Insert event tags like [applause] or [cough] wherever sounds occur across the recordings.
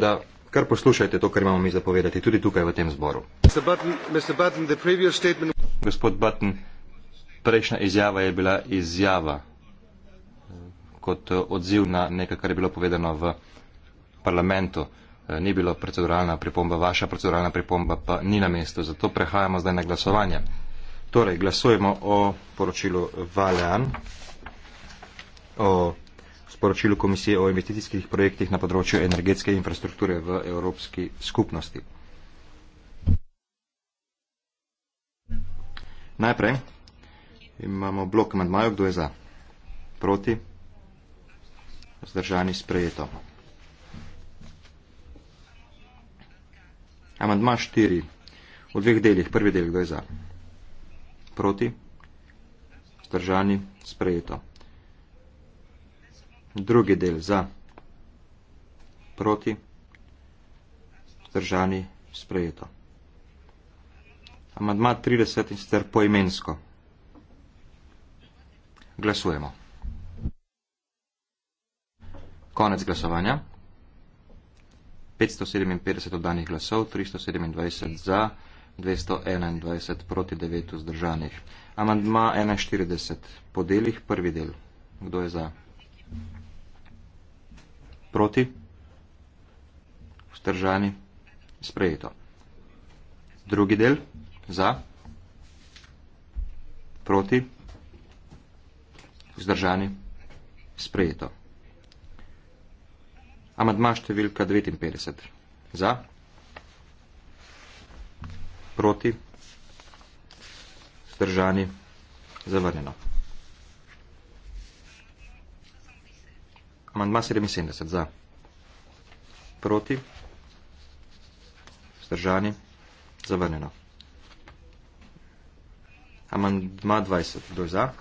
da kar poslušajte to, kar imamo mi zapovedati, tudi tukaj v tem zboru. Mr. Button, Mr. Button, statement... Gospod Button, prejšnja izjava je bila izjava eh, kot eh, odziv na nekaj, kar je bilo povedano v parlamentu. Eh, ni bilo proceduralna pripomba, vaša proceduralna pripomba pa ni na mestu. Zato prehajamo zdaj na glasovanje. Torej, glasujemo o poročilu Valean, o sporočilu Komisije o investicijskih projektih na področju energetske infrastrukture v Evropski skupnosti. Najprej imamo blok amandmajev, kdo je za? Proti? Zdržani sprejeto. Amandma štiri. V dveh delih. Prvi del, kdo je za? Proti? Zdržani sprejeto drugi del za, proti, zdržani, sprejeto. Amadma 30 in sicer poimensko. Glasujemo. Konec glasovanja. 557 oddanih glasov, 327 za, 221 proti 9 vzdržanih. Amandma 41 po delih, prvi del. Kdo je za? Proti? Vzdržani? Sprejeto. Drugi del? Za? Proti? Vzdržani? Sprejeto. Amadma številka 59. Za? Proti? Vzdržani? Zavrnjeno. Amandma 77 za. Proti. Zdržani. Zavrnjeno. Amandma 20. Kdo je za?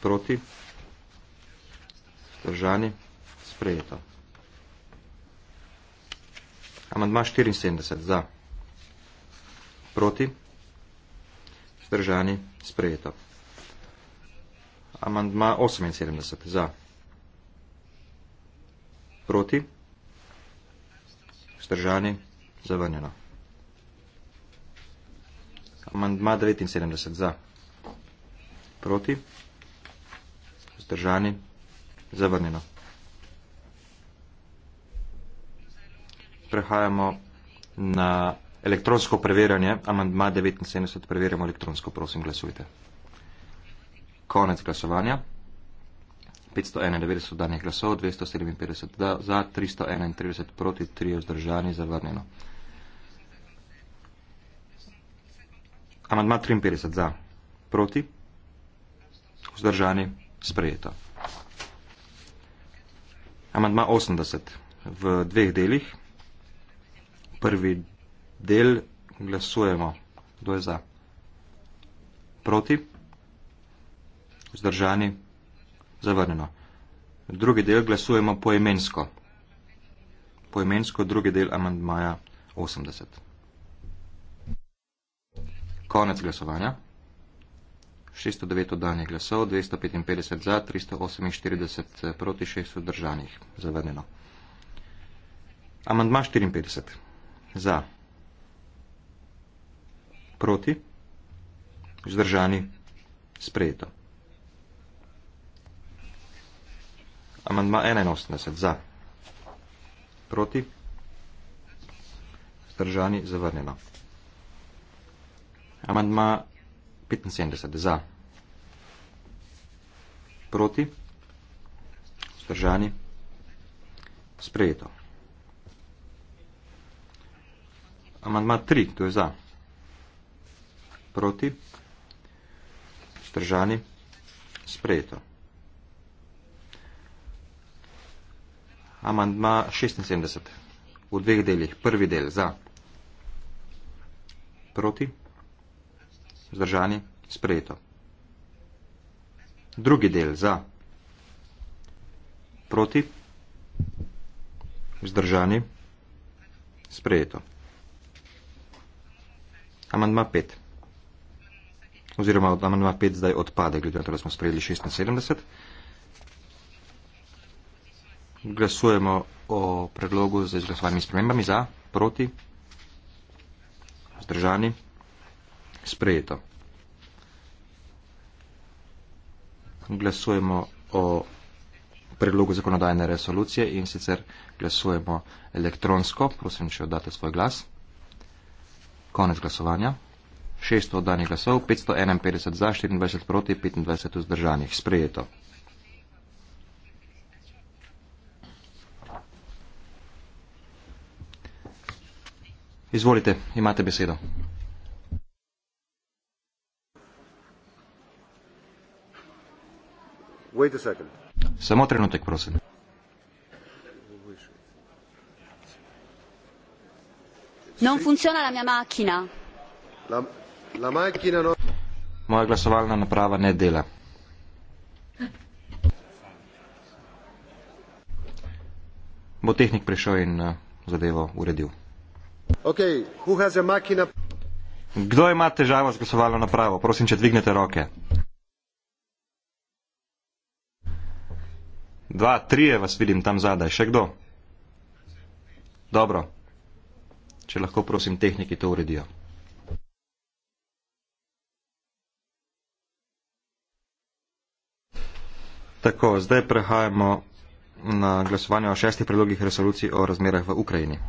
Proti. Zdržani. Sprejeto. Amandma 74. Za. Proti. Zdržani. Sprejeto. Amandma 78. Za. Proti? Stržani? Zavrnjeno. Amandma 79 za. Proti? Zdržani? Zavrnjeno. Prehajamo na elektronsko preverjanje. Amandma 79 preverjamo elektronsko. Prosim, glasujte. Konec glasovanja. 591 danih glasov, 257 za, 331 proti, 3 vzdržani, zavrnjeno. Amandma 53 za, proti, vzdržani, sprejeto. Amandma 80 v dveh delih. Prvi del glasujemo, kdo je za, proti, vzdržani, sprejeto. Zavrnjeno. Drugi del glasujemo poimensko. Poimensko drugi del amandmaja 80. Konec glasovanja. 609 oddanih glasov, 255 za, 348 eh, proti, 6 vzdržanih. Zavrnjeno. Amandma 54. Za. Proti. Vzdržani. Sprejeto. Amandma 81 za. Proti. Zdržani zavrnjeno. Amandma 75 za. Proti. Zdržani. Sprejeto. Amandma 3, to je za. Proti. Zdržani. Sprejeto. Amandma 76. V dveh delih. Prvi del za. Proti. Zdržani. Sprejeto. Drugi del za. Proti. Zdržani. Sprejeto. Amandma 5. Oziroma, amandma 5 zdaj odpade, glede na to, da smo sprejeli 76. Glasujemo o predlogu za izglasovanimi spremembami za, proti, vzdržani, sprejeto. Glasujemo o predlogu zakonodajne resolucije in sicer glasujemo elektronsko. Prosim, če oddate svoj glas. Konec glasovanja. 600 oddanih glasov, 551 za, 24 proti, 25 vzdržanih. Sprejeto. Izvolite, imate besedo. Wait a second. Samo trenutek, prosim. Non funziona la mia macchina. La, la macchina non... Moja glasovalna naprava ne dela. Bo tehnik prišel in uh, zadevo uredil. Kdo ima težavo z glasovalno napravo? Prosim, če dvignete roke. Dva, trije vas vidim tam zadaj. Še kdo? Dobro. Če lahko, prosim, tehniki to uredijo. Tako, zdaj prehajamo na glasovanje o šestih predlogih resolucij o razmerah v Ukrajini.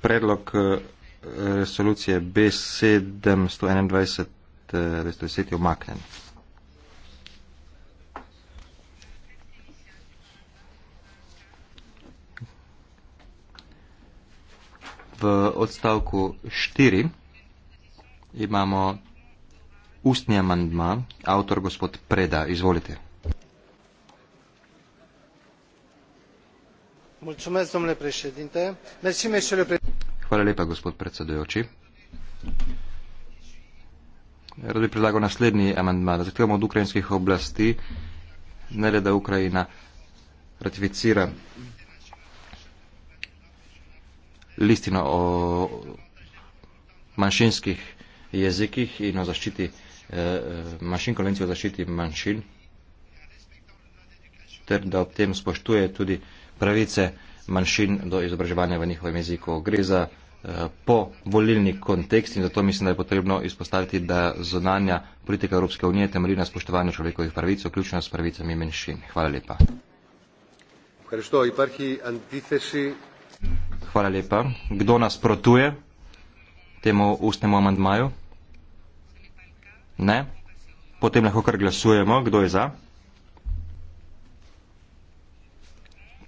predlog eh, resolucije B721 je omaknen. V odstavku 4 imamo ustni amandma, avtor gospod Preda, izvolite. rad bi predlagal naslednji amandma da zahtevamo od ukrajinskih oblasti ne le da ukrajina ratificira listino o manjšinskih jezikih in o zaščiti eh, eh manjšin konvencijo o zaščiti manjšin ter da ob tem spoštuje tudi eh, pravice manjšin do izobraževanja v njihovem jeziku. Gre za eh, po volilni kontekst in zato mislim, da je potrebno izpostaviti, da zonanja politika Evropske unije temelji na spoštovanju človekovih pravic, vključno s pravicami menšin. Hvala lepa. Hvala lepa. Kdo nas protuje temu ustnemu amandmaju? Ne. Potem lahko kar glasujemo. Kdo je za?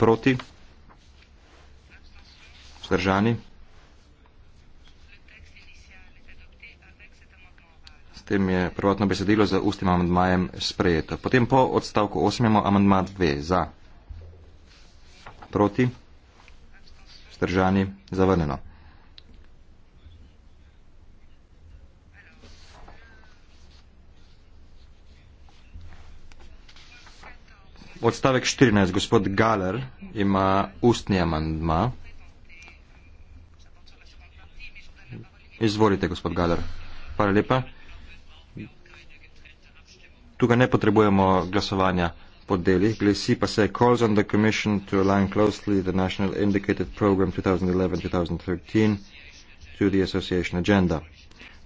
proti, vzdržani. S tem je prvotno besedilo za ustnim amandmajem sprejeto. Potem po odstavku 8 imamo amandma 2 za, proti, vzdržani, zavrnjeno. Odstavek 14. Gospod Galer ima ustni amandma. Izvolite, gospod Galer. Hvala lepa. Tukaj ne potrebujemo glasovanja po delih. Glasi pa se calls on the commission to align closely the national indicated program 2011-2013 to the association agenda.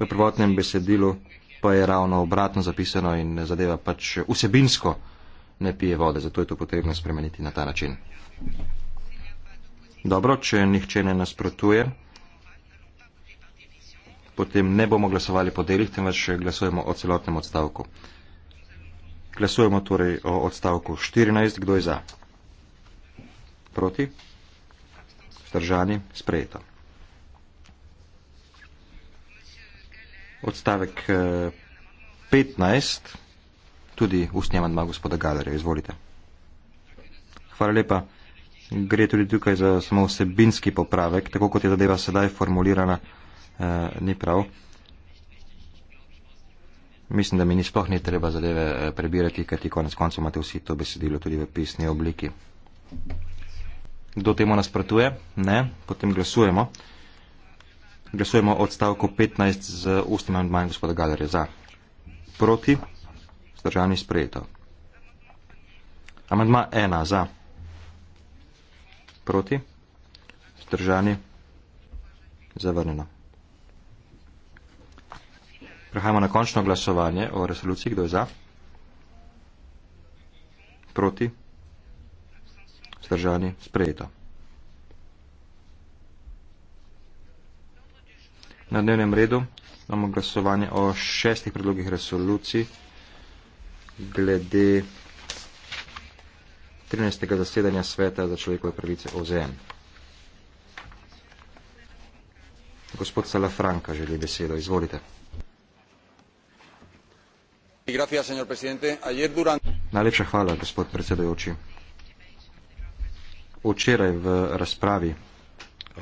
V prvotnem besedilu pa je ravno obratno zapisano in zadeva pač vsebinsko ne pije vode, zato je to potrebno spremeniti na ta način. Dobro, če nihče ne nasprotuje, potem ne bomo glasovali po delih, temveč glasujemo o celotnem odstavku. Glasujemo torej o odstavku 14, kdo je za? Proti? Zdržani? Sprejeto. Odstavek 15. Eh, tudi ustni amandma gospoda Galerja. Izvolite. Hvala lepa. Gre tudi tukaj za samo vsebinski popravek, tako kot je zadeva sedaj formulirana, eh, ni prav. Mislim, da mi ni sploh ni treba zadeve eh, prebirati, kajti konec koncev imate vsi to besedilo tudi v pisni obliki. Kdo temu nasprotuje? Ne. Potem glasujemo. Glasujemo odstavko 15 z ustnim amandmajem gospoda Galerja za. Proti. Zdržani sprejeto. Amandma ena za. Proti. Zdržani. Zavrnjeno. Prehajamo na končno glasovanje o resoluciji. Kdo je za? Proti. Zdržani. Sprejeto. Na dnevnem redu imamo glasovanje o šestih predlogih resolucij glede 13. zasedanja sveta za človekove pravice OZN. Gospod Salafranka želi besedo. Izvolite. Najlepša hvala, gospod predsedajoči. Včeraj v razpravi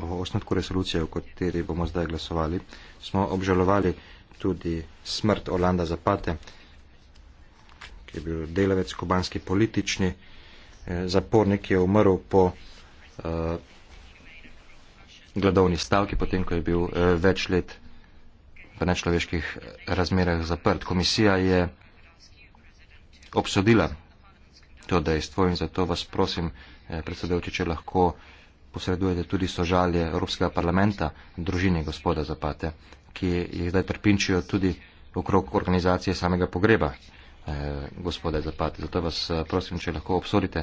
o osnutku resolucije, o kateri bomo zdaj glasovali, smo obžalovali tudi smrt Olanda Zapate ki je bil delavec kubanski politični, eh, zapornik je umrl po uh, gladovni stavki, potem ko je bil uh, več let v nečloveških razmerah zaprt. Komisija je obsodila to dejstvo in zato vas prosim, eh, predsedujoči, če lahko posredujete tudi sožalje Evropskega parlamenta družini gospoda Zapate, ki jih zdaj trpinčijo tudi okrog organizacije samega pogreba. Eh, gospoda Zapati. Zato vas eh, prosim, če lahko obsodite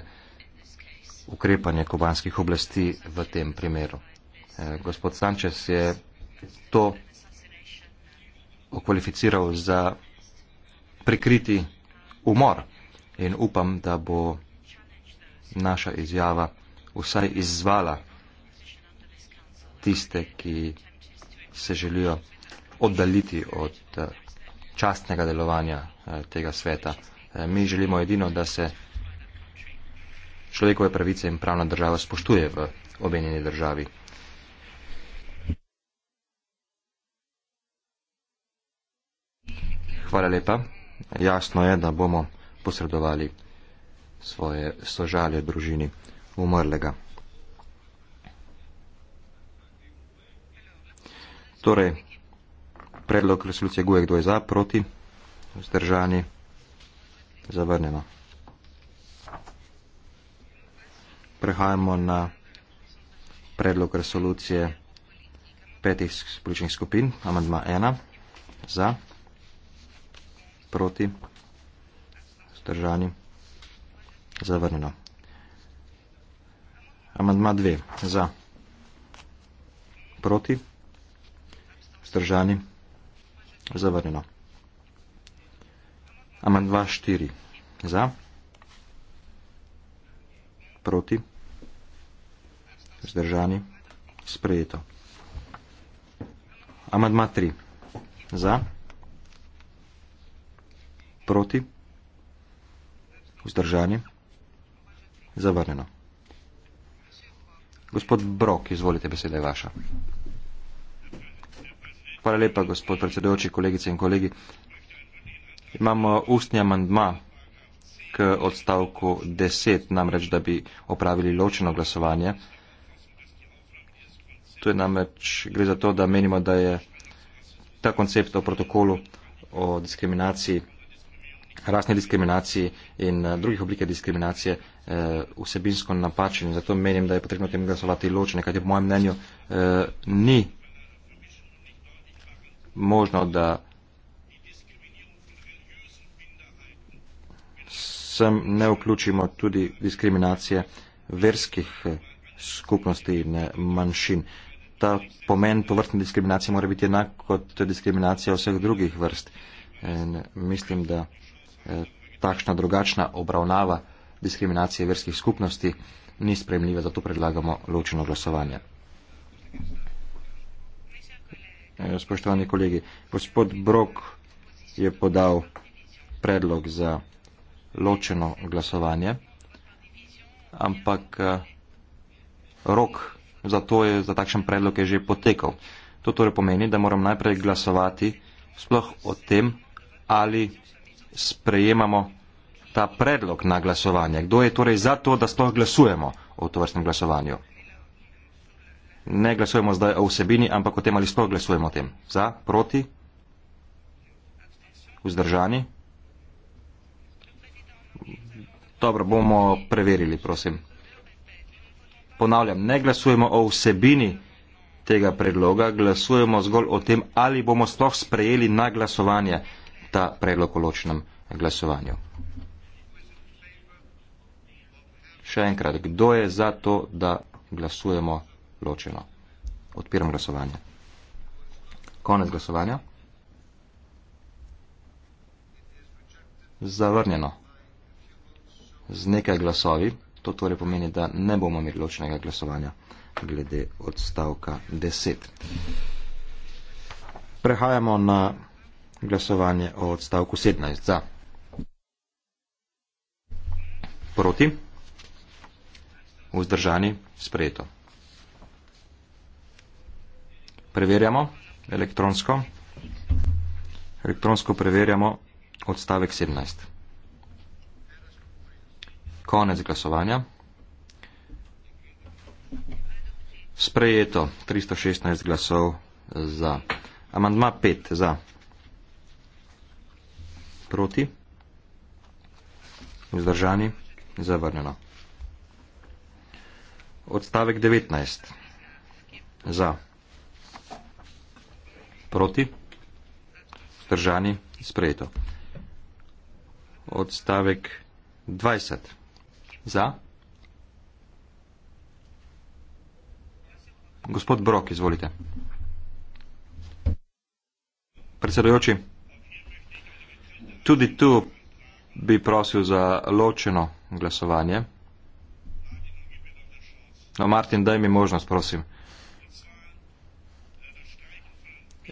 ukrepanje kubanskih oblasti v tem primeru. Eh, gospod Sančes je to okvalificiral za prikriti umor in upam, da bo naša izjava vsaj izzvala tiste, ki se želijo oddaliti od častnega delovanja eh, tega sveta. Eh, mi želimo edino, da se človekove pravice in pravna država spoštuje v obenjeni državi. Hvala lepa. Jasno je, da bomo posredovali svoje sožalje družini umrlega. Torej, predlog resolucije GUE, kdo je za, proti, vzdržani, zavrnjeno. Prehajamo na predlog resolucije petih političnih skupin, amandma 1, za, proti, vzdržani, zavrnjeno. Amandma 2, za, proti, vzdržani, zavrnjeno. Zavrnjeno. Amandma 4. Za. Proti. Zdržani. Sprejeto. Amandma 3. Za. Proti. Vzdržani. Zavrnjeno. Gospod Brok, izvolite, beseda je vaša. Hvala lepa, gospod predsedujoči, kolegice in kolegi. Imamo ustni amandma k odstavku 10, namreč, da bi opravili ločeno glasovanje. Tu je namreč, gre za to, da menimo, da je ta koncept o protokolu o diskriminaciji, rasni diskriminaciji in eh, drugih oblike diskriminacije eh, vsebinsko napačen. Zato menim, da je potrebno tem glasovati ločene, kajti po mojem mnenju eh, ni možno, da sem ne vključimo tudi diskriminacije verskih eh, skupnosti in eh, manjšin. Ta pomen povrstne diskriminacije mora biti enak kot diskriminacija vseh drugih vrst. In eh, mislim, da takšna drugačna obravnava diskriminacije verskih skupnosti ni spremljiva, zato predlagamo ločeno glasovanje. Thank you. Eh, spoštovani kolegi. Gospod Brok je podal predlog za ločeno glasovanje, ampak eh, rok za, to je, za takšen predlog je že potekal. To torej pomeni, da moram najprej glasovati sploh o tem, ali sprejemamo ta predlog na glasovanje. Kdo je torej za to, da sploh glasujemo o tovrstnem glasovanju? ne glasujemo zdaj o vsebini, ampak o tem ali sploh glasujemo o tem. Za, proti, vzdržani. Dobro, bomo preverili, prosim. Ponavljam, ne glasujemo o vsebini tega predloga, glasujemo zgolj o tem, ali bomo sploh sprejeli na glasovanje ta predlog o ločnem glasovanju. Še enkrat, kdo je za to, da glasujemo? ločeno. Odpiram glasovanje. Konec glasovanja. Zavrnjeno. Z nekaj glasovi, to torej pomeni, da ne bomo imeli ločnega glasovanja glede odstavka 10. Prehajamo na glasovanje o odstavku 17. Za. Proti. Vzdržani. Sprejeto preverjamo elektronsko. Elektronsko preverjamo odstavek 17. Konec glasovanja. Sprejeto 316 glasov za. Amandma 5 za. Proti. Vzdržani. Zavrnjeno. Odstavek 19. Za proti, vzdržani, sprejeto. Odstavek 20. Za. Gospod Brok, izvolite. Predsedujoči, tudi tu bi prosil za ločeno glasovanje. No, Martin, daj mi možnost, prosim.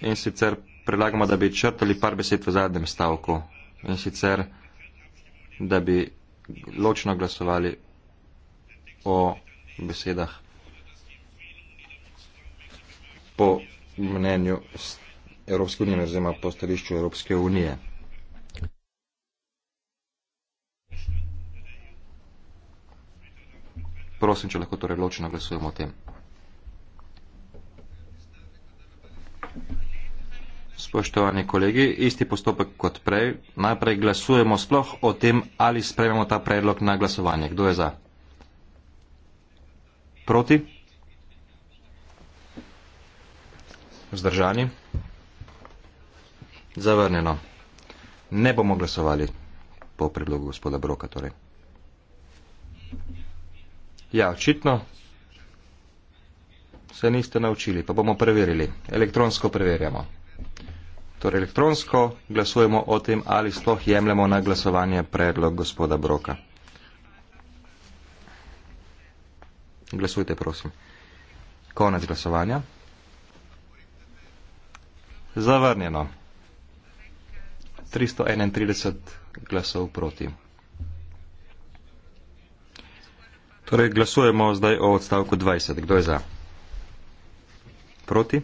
in sicer predlagamo, da bi črtali par besed v zadnjem stavku in sicer, da bi ločno glasovali o besedah po mnenju Evropske unije oziroma po stališču Evropske unije. Prosim, če lahko torej ločno glasujemo o tem. Spoštovani kolegi, isti postopek kot prej. Najprej glasujemo sploh o tem, ali sprememo ta predlog na glasovanje. Kdo je za? Proti? Zdržani? Zavrnjeno. Ne bomo glasovali po predlogu gospoda Broka. Torej. Ja, očitno se niste naučili, pa bomo preverili. Elektronsko preverjamo torej elektronsko glasujemo o tem ali sploh jemljemo na glasovanje predlog gospoda Broka. Glasujte, prosim. Konec glasovanja. Zavrnjeno. 331 glasov proti. Torej, glasujemo zdaj o odstavku 20. Kdo je za? Proti?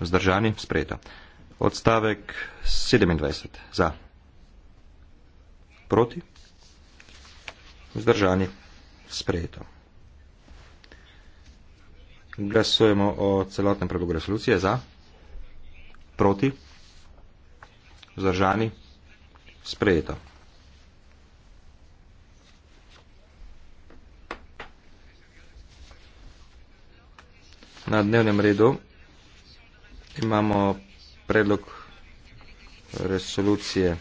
Vzdržani, sprejeto. Odstavek 27. Za. Proti. Vzdržani, sprejeto. Glasujemo o celotnem predlogu resolucije. Za. Proti. Vzdržani, sprejeto. Na dnevnem redu Imamo predlog resolucije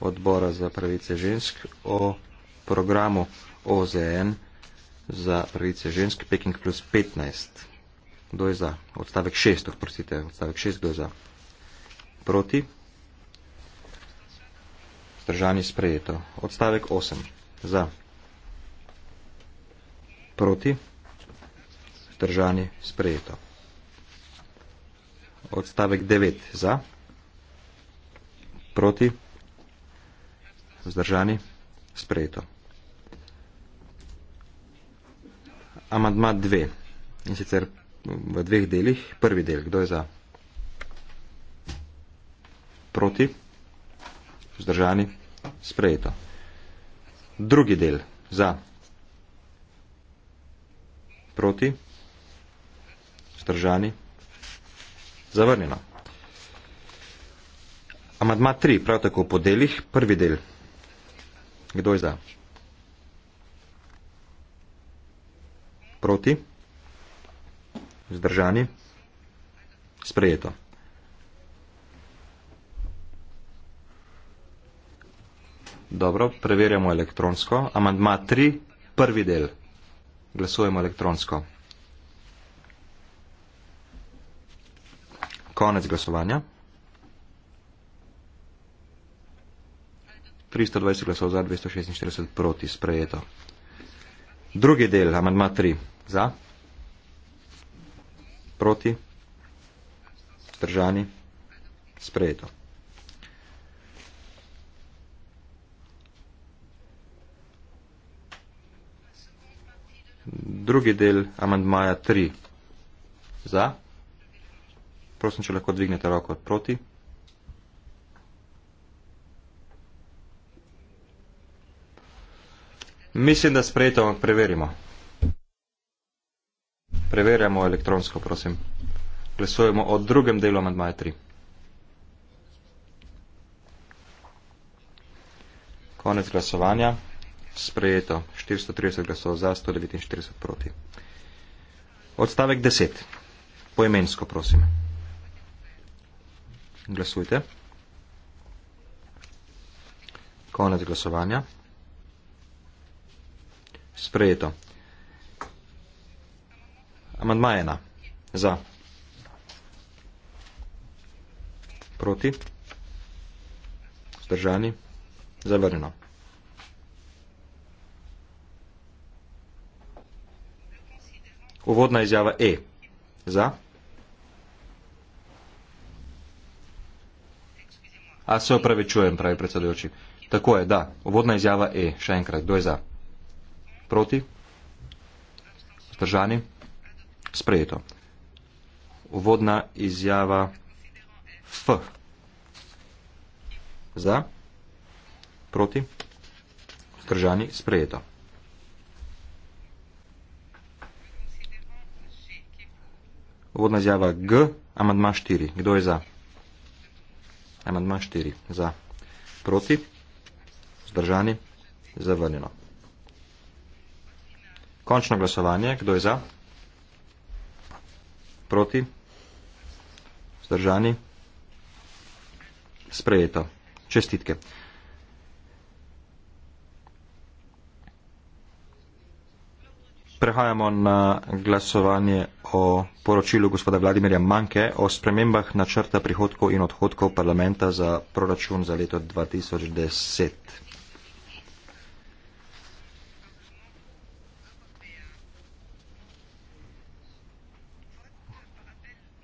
odbora za pravice žensk o programu OZN za pravice žensk Peking plus 15. Kdo je za? Odstavek 6, oprostite, odstavek 6, kdo je za? Proti? Zdržani sprejeto. Odstavek 8. Za. Proti? Zdržani sprejeto odstavek 9 za, proti, vzdržani, sprejeto. Amandma 2 in sicer v dveh delih. Prvi del, kdo je za, proti, vzdržani, sprejeto. Drugi del, za, proti, vzdržani, sprejeto zavrnjeno. Amadma 3, prav tako po delih, prvi del. Kdo je za? Proti? Zdržani? Sprejeto. Dobro, preverjamo elektronsko. Amadma 3, prvi del. Glasujemo elektronsko. Konec glasovanja. 320 glasov za, 246 proti, sprejeto. Drugi del, amandma 3. Za? Proti? Držani? Sprejeto. Drugi del amandmaja 3. Za? Prosim, če lahko dvignete roko proti. Mislim, da sprejeto, ampak preverimo. Preverjamo elektronsko, prosim. Glasujemo o drugem delu amandmaja 3. Konec glasovanja. Sprejeto. 430 glasov za, 149 proti. Odstavek 10. Poimensko, prosim glasujte. Konec glasovanja. Sprejeto. Amandma ena. Za. Proti. Zdržani. Zavrnjeno. Uvodna izjava E. Za. A se opravičujem, pravi predsedujoči. Tako je, da. Uvodna izjava E. Še enkrat, kdo je za? Proti? Zdržani? Sprejeto. Uvodna izjava F. Za? Proti? Zdržani? Sprejeto. Uvodna izjava G, amadma 4. Kdo je za? Amandma 4. Za. Proti. Zdržani. Zavrnjeno. Končno glasovanje. Kdo je za? Proti. Zdržani. Sprejeto. Čestitke. Prehajamo na glasovanje o poročilu gospoda Vladimirja Manke o spremembah načrta prihodkov in odhodkov parlamenta za proračun za leto 2010.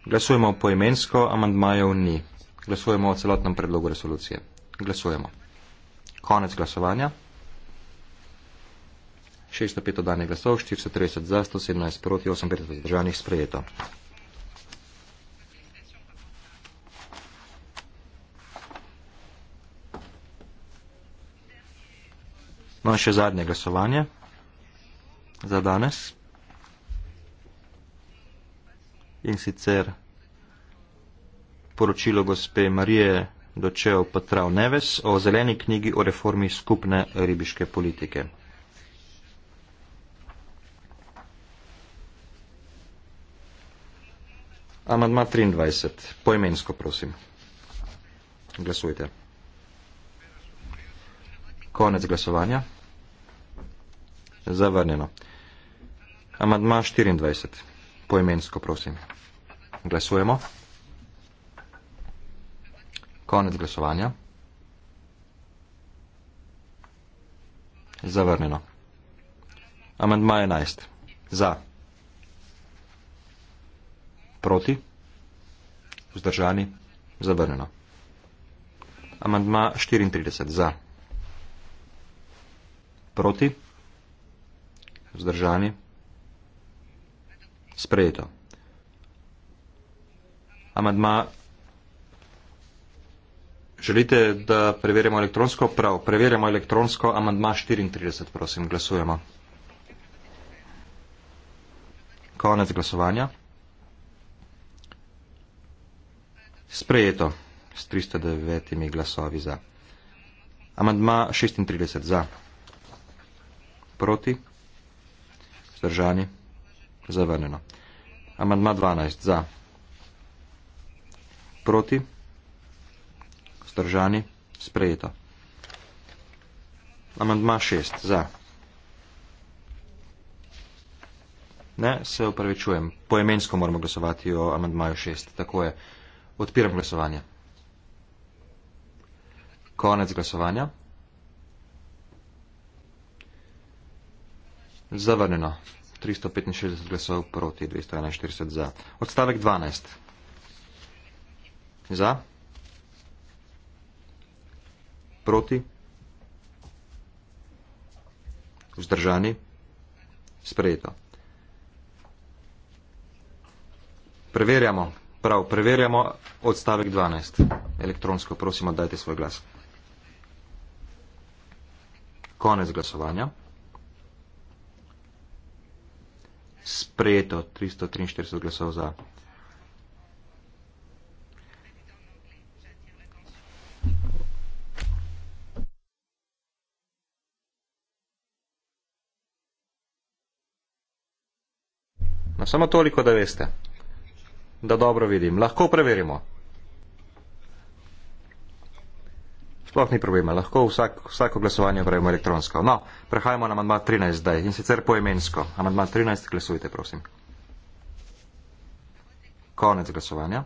Glasujemo poimensko, amandmajev ni. Glasujemo o celotnem predlogu resolucije. Glasujemo. Konec glasovanja. 605 danih glasov, 430 za, 117 proti, 850 zdržanih sprejeto. No, še zadnje glasovanje za danes. In sicer poročilo gospe Marije Dočev Petrav Neves o zeleni knjigi o reformi skupne ribiške politike. Amandma 23. Poimensko, prosim. Glasujte. Konec glasovanja. Zavrnjeno. Amandma 24. Poimensko, prosim. Glasujemo. Konec glasovanja. Zavrnjeno. Amandma 11. Za. Proti? Vzdržani? Zavrnjeno. Amandma 34. Za. Proti? Vzdržani? Sprejeto. Amandma. Želite, da preverimo elektronsko? Prav, preverimo elektronsko. Amandma 34, prosim, glasujemo. Konec glasovanja. sprejeto s 309 glasovi za. Amandma 36 za, proti, zdržani, zavrnjeno. Amandma 12 za, proti, zdržani, sprejeto. Amandma 6 za. Ne, se upravičujem. Poemensko moramo glasovati o amandmaju 6. Tako je. Odpiram glasovanje. Konec glasovanja. Zavrnjeno. 365 glasov proti 241 za. Odstavek 12. Za. Proti. Vzdržani. Sprejeto. Preverjamo. Prav, preverjamo odstavek 12. Elektronsko, prosimo, dajte svoj glas. Konec glasovanja. Sprejeto 343 glasov za. No, samo toliko, da veste da dobro vidim. Lahko preverimo. Sploh ni problema, lahko vsak, vsako glasovanje upravimo elektronsko. No, prehajamo na amandma 13 zdaj in sicer poemensko. Amandma 13, glasujte prosim. Konec glasovanja.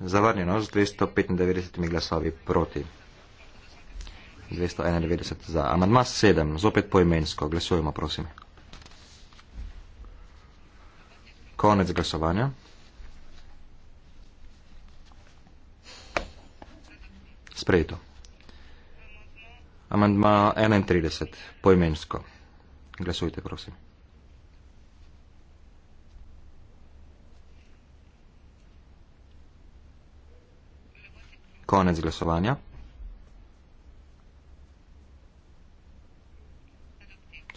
Zavrnjeno z 295 glasovi proti. 291 za. Amandma 7, zopet poimensko. Glasujemo, prosim. Konec glasovanja. Sprejeto. Amandma 31, poimensko. Glasujte, prosim. Konec glasovanja.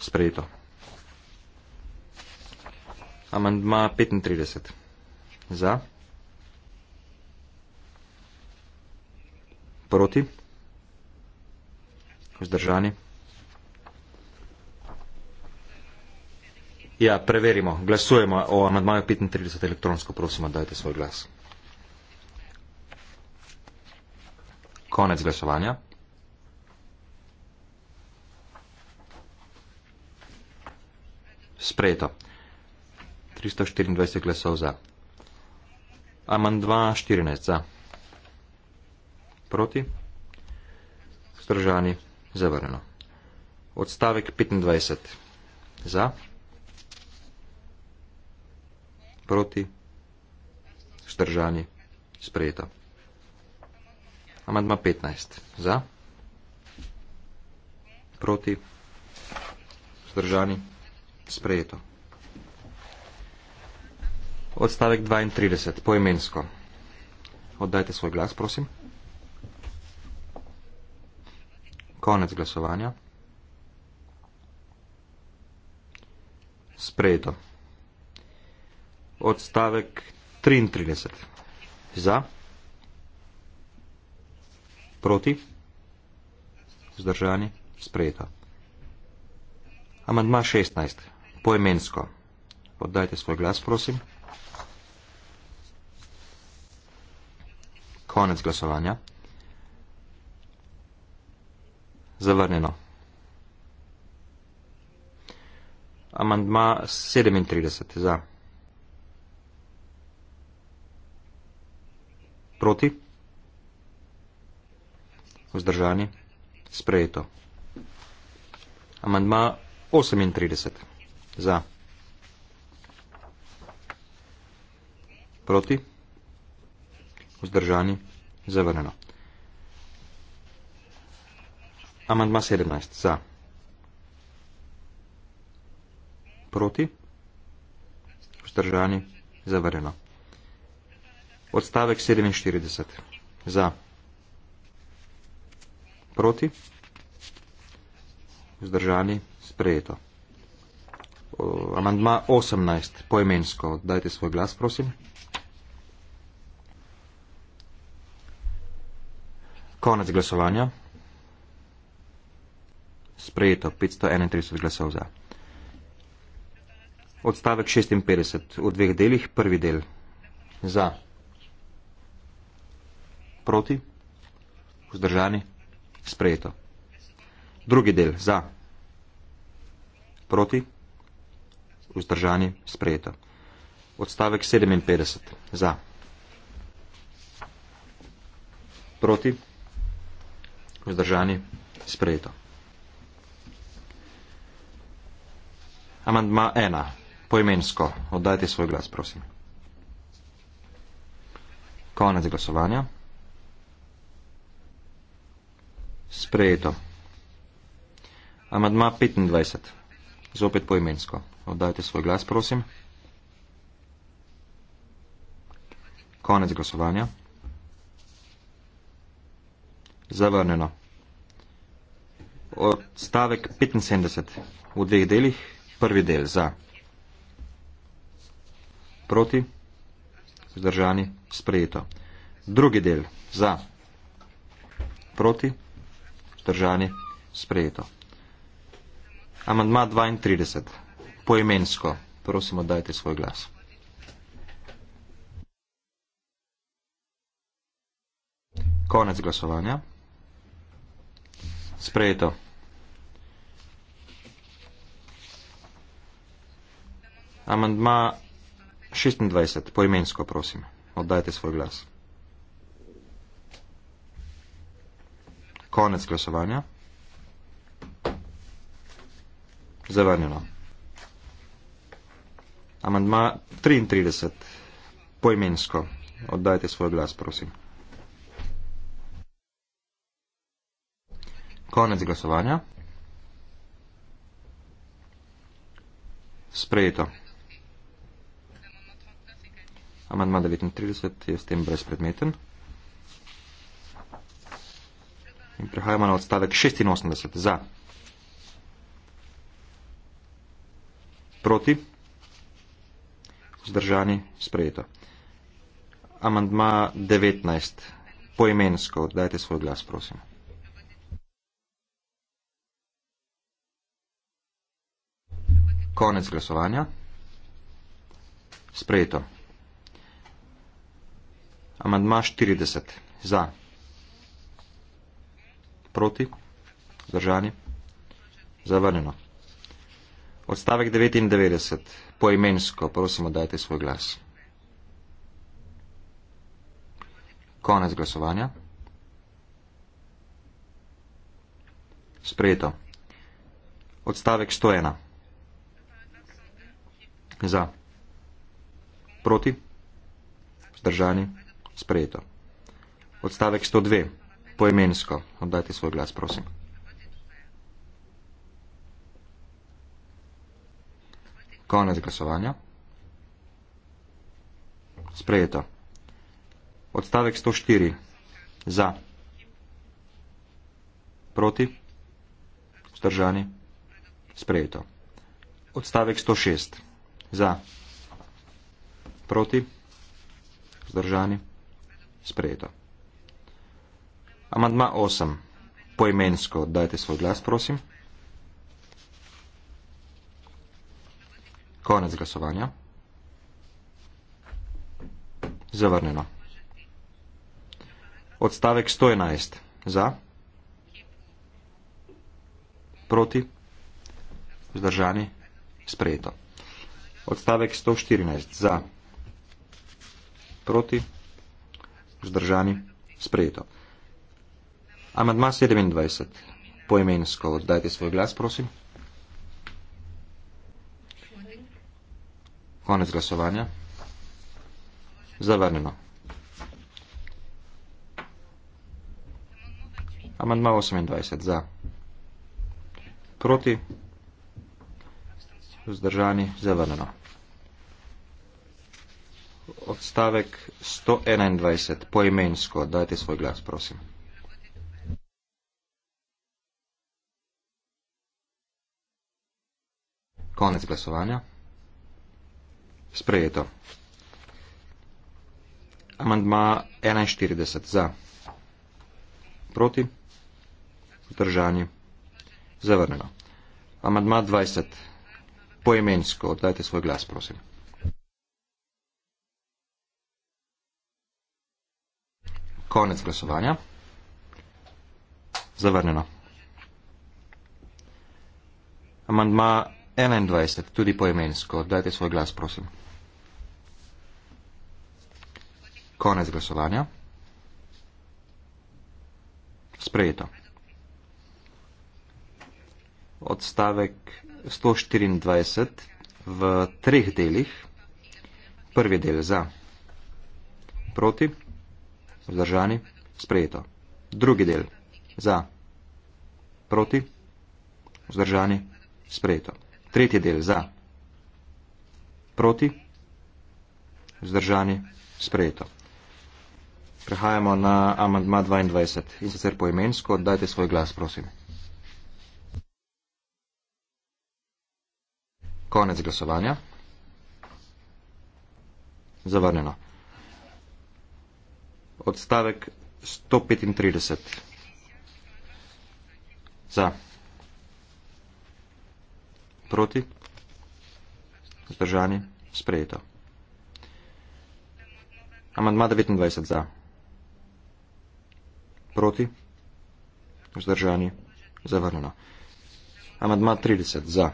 sprejeto. Amandma 35. Za. Proti. Vzdržani. Ja, preverimo. Glasujemo o amandmaju 35 elektronsko. Prosimo, dajte svoj glas. Konec glasovanja. sprejeto. 324 glasov za. Amandva 14 za. Proti. Stržani. Zavrneno. Odstavek 25. Za. Proti. Stržani. Sprejeto. Amandma 15. Za. Proti. Stržani. Zavrneno sprejeto. Odstavek 32, poimensko. Oddajte svoj glas, prosim. Konec glasovanja. Sprejeto. Odstavek 33. Za. Proti. Zdržani. Sprejeto. Amandma 16 poemensko. Poddajte svoj glas, prosim. Konec glasovanja. Zavrnjeno. Amandma 37 za. Proti? Vzdržani? Sprejeto. Amandma 38. Za. Proti. Vzdržani. Zavrneno. Amandma 17. Za. Proti. Vzdržani. Zavrneno. Odstavek 47. Za. Proti. Vzdržani. Sprejeto. Eh, amandma 18, poemensko. Dajte svoj glas, prosim. Konec glasovanja. Sprejeto 531 glasov za. Odstavek 56 v dveh delih. Prvi del. Za. Proti. Vzdržani. Sprejeto. Drugi del. Za. Proti vzdržani, sprejeta. Odstavek 57. Za. Proti. Vzdržani, sprejeto. Amandma 1. Poimensko. Oddajte svoj glas, prosim. Konec glasovanja. Sprejeto. Amandma 25. Zopet poimensko. Oddajte svoj glas, prosim. Konec glasovanja. Zavrneno. Od stavek 75 v dveh delih. Prvi del za. Proti. Zdržani. Sprejeto. Drugi del za. Proti. Zdržani. Sprejeto. Amandma 32. Poimensko. Prosimo, dajte svoj glas. Konec glasovanja. Sprejeto. Amandma 26. Poimensko, prosim. Oddajte svoj glas. Konec glasovanja. zavrnjeno. Amandma 33. Pojmensko. Oddajte svoj glas, prosim. Konec glasovanja. Sprejeto. Amandma 39 je s tem brezpredmeten. In prehajamo na odstavek 86 za. Proti? Zdržani? Sprejeto. Amandma 19. Poimensko, dajte svoj glas, prosim. Konec glasovanja. Sprejeto. Amandma 40. Za. Proti? Zdržani? Zavrnjeno. Odstavek 99. Poimensko, prosim, dajte svoj glas. Konec glasovanja. Sprejeto. Odstavek 101. Za. Proti. Zdržani. Sprejeto. Odstavek 102. Poimensko, oddajte svoj glas, prosim. Konec glasovanja. Sprejeto. Odstavek 104. Za. Proti. Vzdržani. Sprejeto. Odstavek 106. Za. Proti. Vzdržani. Sprejeto. Amandma 8. Poimensko dajte svoj glas, prosim. Konec glasovanja. Zavrnjeno. Odstavek 111. Za. Proti. Vzdržani. Sprejeto. Odstavek 114. Za. Proti. Vzdržani. Sprejeto. Amadma 27. Poimensko oddajte svoj glas, prosim. Konec glasovanja. Zavrnjeno. Amandma 28 za. Proti. Vzdržani. Zavrnjeno. Odstavek 121. Poimensko. Dajte svoj glas, prosim. Konec glasovanja sprejeto. Amandma 41 za. Proti. Vzdržanje. Zavrneno. Amandma 20. Poimensko. Dajte svoj glas, prosim. Konec glasovanja. Zavrneno. Amandma 21. Tudi poimensko. Dajte svoj glas, prosim. Konec glasovanja. Sprejeto. Odstavek 124 v treh delih. Prvi del za. Proti. Vzdržani. Sprejeto. Drugi del za. Proti. Vzdržani. Sprejeto. Tretji del za. Proti. Vzdržani. Sprejeto. Prehajamo na amandma 22 in sicer poimensko, dajte svoj glas, prosim. Konec glasovanja. Zavrnjeno. Odstavek 135. Za. Proti. Zdržani. Sprejeto. Amandma 29 za. Proti? Vzdržani? Zavrnjeno. Amadma 30 za.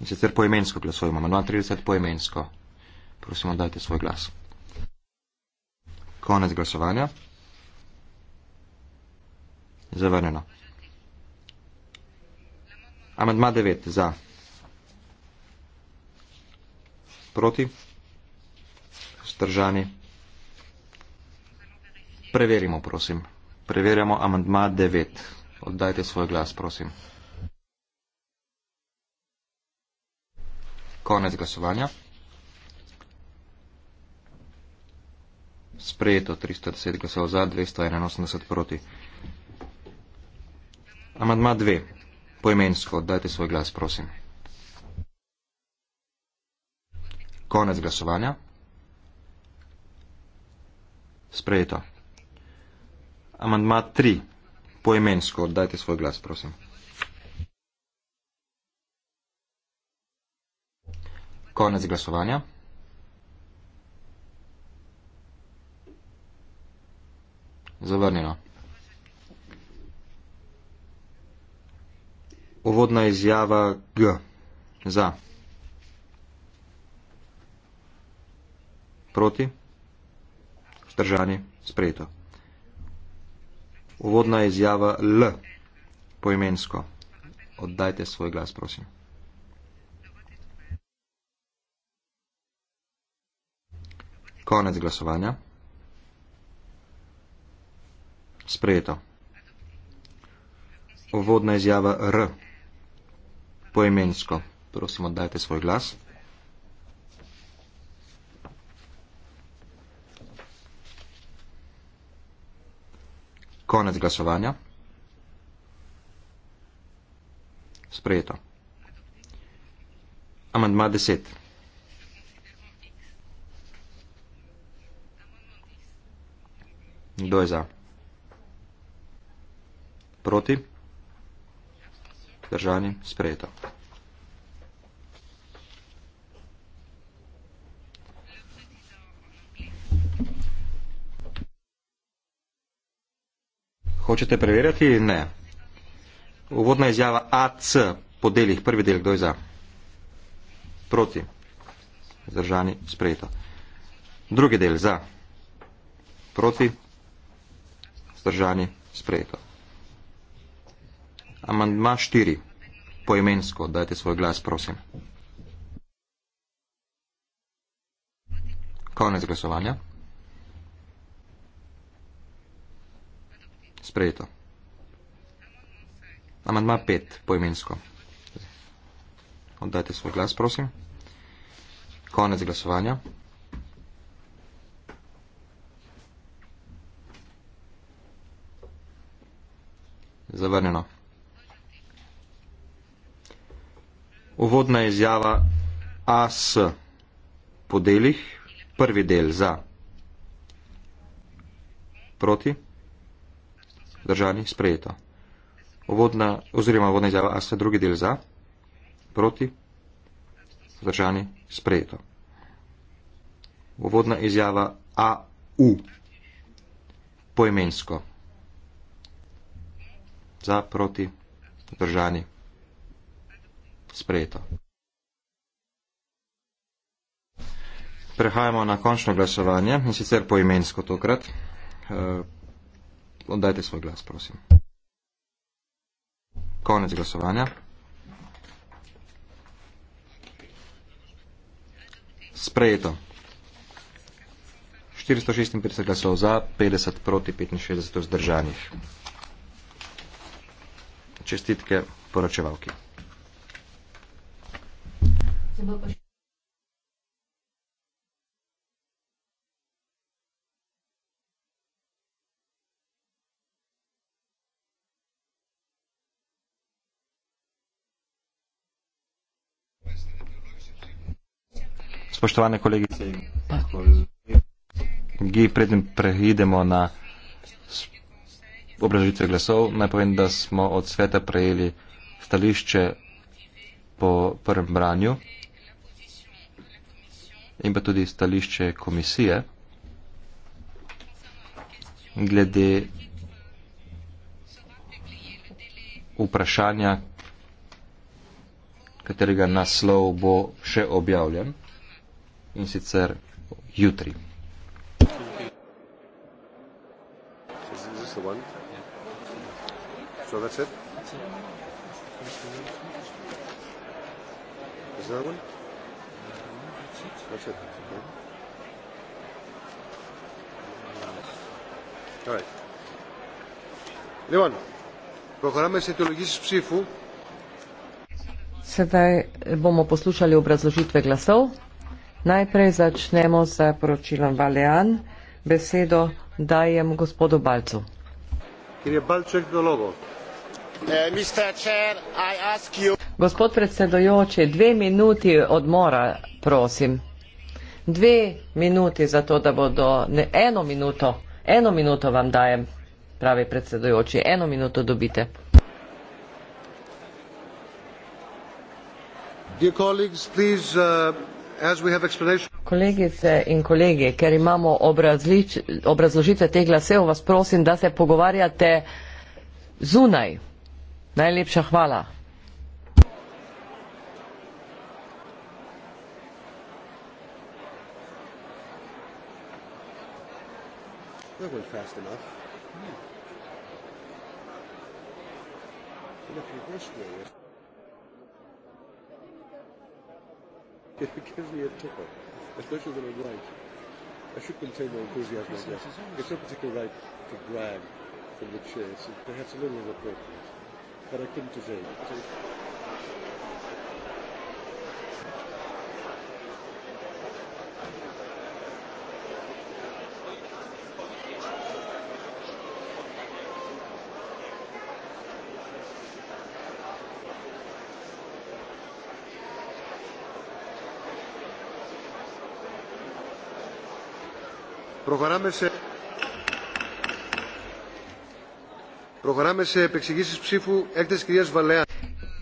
In sicer poimensko glasujemo. Amadma 30 poimensko. Prosimo, dajte svoj glas. Konec glasovanja. Zavrnjeno. Amadma 9 za. Proti? Vzdržani? Preverimo, prosim. Preverjamo amandma 9. Oddajte svoj glas, prosim. Konec glasovanja. Sprejeto 310 glasov za, 281 proti. Amandma 2. Poimensko, dajte svoj glas, prosim. Konec glasovanja. Sprejeto. Amandma 3. Poimensko, dajte svoj glas, prosim. Konec glasovanja. Zavrnjeno. Uvodna izjava G. Za. Proti. Vzdržani. Sprejeto. Uvodna izjava L, poimensko. Oddajte svoj glas, prosim. Konec glasovanja. Sprejeto. Uvodna izjava R, poimensko. Prosim, oddajte svoj glas. Konec glasovanja. Sprejeto. Amandma 10. Kdo je za? Proti? Držanje? Sprejeto. Hočete preverjati? Ne. Uvodna izjava AC po delih. Prvi del, kdo je za? Proti. Zdržani, sprejeto. Drugi del, za. Proti. Zdržani, sprejeto. Amandma 4. Poimensko, dajte svoj glas, prosim. Konec glasovanja. Sprejeto. Amandma 5, poimensko. Oddajte svoj glas, prosim. Konec glasovanja. Zavrnjeno. Uvodna izjava AS po delih. Prvi del za. Proti držani sprejeto. Uvodna oziroma uvodna izjava, a se drugi del za, proti, držani sprejeto. Uvodna izjava A, U, poimensko. Za, proti, držani sprejeto. Prehajamo na končno glasovanje in sicer poimensko tokrat. E, Oddajte no, svoj glas, prosim. Konec glasovanja. Sprejeto. 456 glasov za, 50 proti, 65 vzdržanih. Čestitke poročevalki. Se bo pa še. spoštovane kolegice in kolegi, predtem prehidemo na obražitve glasov, naj povem, da smo od sveta prejeli stališče po prvem branju in pa tudi stališče komisije glede vprašanja, katerega naslov bo še objavljen in sicer jutri. Λοιπόν, προχωράμε σε αιτιολογήσει ψήφου. Σε δε, μπούμε από σλούσα λίγο μπρατζοζίτ βεγλασσό. Najprej začnemo z poročilom Valean. Besedo dajem gospodu Balcu. Ker je Balček dologo. Eh, Gospod predsedojoči, dve minuti odmora, prosim. Dve minuti za to, da bodo, ne, eno minuto, eno minuto vam dajem, pravi predsedojoči, eno minuto dobite. Dear colleagues, please, uh... Kolegice in kolegi, ker imamo obrazlič, obrazložitve teh glasev, vas prosim, da se pogovarjate zunaj. Najlepša hvala. Yeah. [laughs] it gives me a tickle, especially when I write. I should contain my enthusiasm, I guess. It's not particularly right to brag from the chair, so perhaps a little inappropriate. But I couldn't today.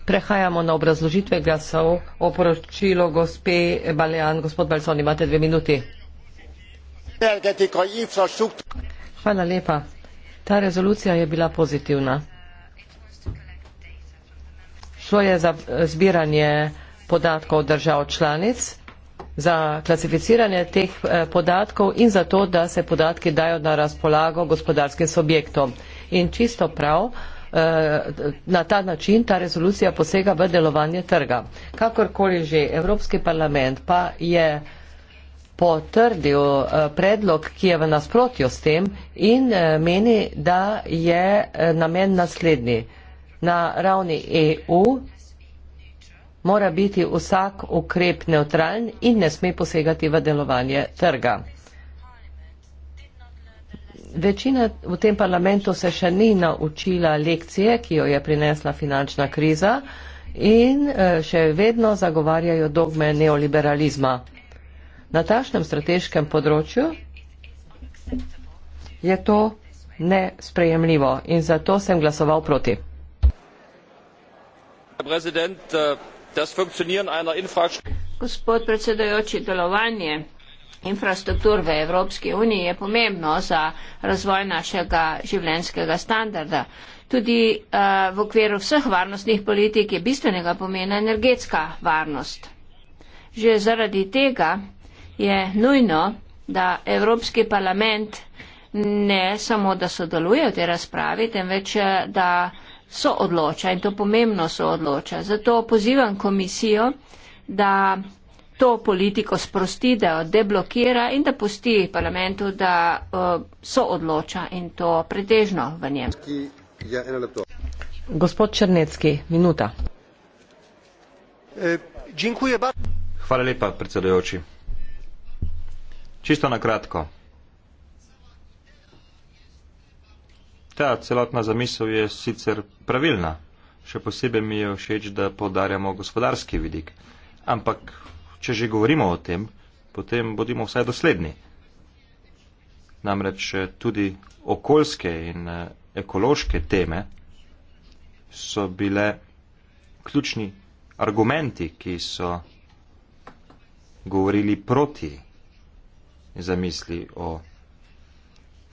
prehajamo na obrazložitve glasov o poročilu gospe balean gospod balzon imate dve minuti hvala lepa ta rezolucija je bila pozitivna šlo je za zbiranje podatkov držav članic za klasificiranje teh eh, podatkov in za to, da se podatki dajo na razpolago gospodarskim subjektom. In čisto prav, eh, na ta način ta rezolucija posega v delovanje trga. Kakorkoli že, Evropski parlament pa je potrdil eh, predlog, ki je v nasprotju s tem in meni, da je namen naslednji. Na ravni EU mora biti vsak ukrep neutralen in ne sme posegati v delovanje trga. Večina v tem parlamentu se še ni naučila lekcije, ki jo je prinesla finančna kriza in eh, še vedno zagovarjajo dogme neoliberalizma. Na takšnem strateškem področju je to nesprejemljivo in zato sem glasoval proti. Gospod predsednik, das funktionieren einer infrastruktur Infrastruktur v Evropski uniji je pomembno za razvoj našega življenjskega standarda. Tudi uh, v okviru vseh varnostnih politik je bistvenega pomena energetska varnost. Že zaradi tega je nujno, da Evropski parlament ne samo, da sodeluje v tej razpravi, temveč eh, da uh, so odloča in to pomembno so odloča. Zato pozivam komisijo, da to politiko sprosti, da jo deblokira in da pusti parlamentu, da uh, eh, so odloča in to pretežno v njem. Gospod Črnecki, minuta. Eh, Hvala lepa, predsedojoči. Čisto na kratko. ta celotna zamisel je sicer pravilna. Še posebej mi je všeč, da podarjamo gospodarski vidik. Ampak, če že govorimo o tem, potem bodimo vsaj dosledni. Namreč eh, tudi okoljske in eh, ekološke teme so bile ključni argumenti, ki so govorili proti zamisli o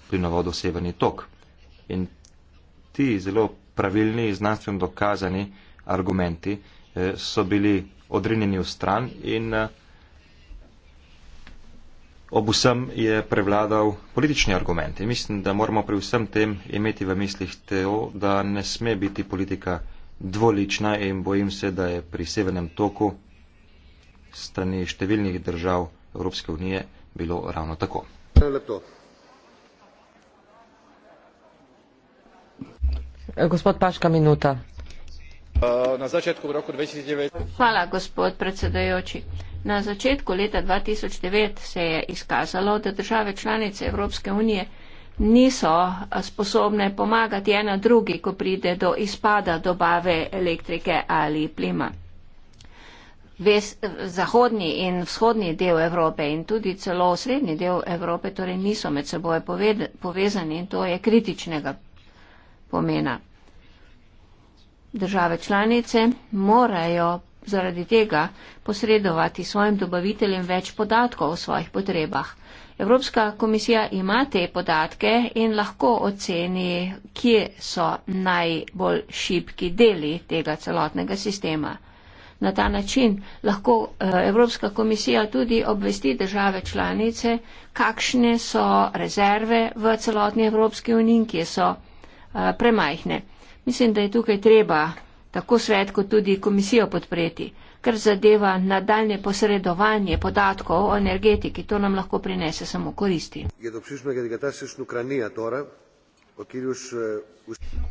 plinovodu Severni tok. In ti zelo pravilni, znanstveno dokazani argumenti eh, so bili odrinjeni v stran in eh, ob vsem je prevladal politični argument. In mislim, da moramo pri vsem tem imeti v mislih to, da ne sme biti politika dvolična in bojim se, da je pri severnem toku strani številnih držav Evropske unije bilo ravno tako. Lepo. gospod paška minuta na začetku roku 2009. Hvala, gospod predsedajoči. Na začetku leta 2009 se je izkazalo, da države članice Evropske unije niso sposobne pomagati ena drugi, ko pride do izpada dobave elektrike ali plima. Ves, zahodni in vzhodni del Evrope in tudi celo srednji del Evrope torej niso med seboj poved, povezani in to je kritičnega pomena. Države članice morajo zaradi tega posredovati svojim dobaviteljem več podatkov o svojih potrebah. Evropska komisija ima te podatke in lahko oceni, kje so najbolj šibki deli tega celotnega sistema. Na ta način lahko eh, Evropska komisija tudi obvesti države članice, kakšne so rezerve v celotni Evropski uniji, kje so premajhne. Mislim, da je tukaj treba tako svet kot tudi komisijo podpreti, ker zadeva nadaljne posredovanje podatkov o energetiki, to nam lahko prinese samo koristi. Eh,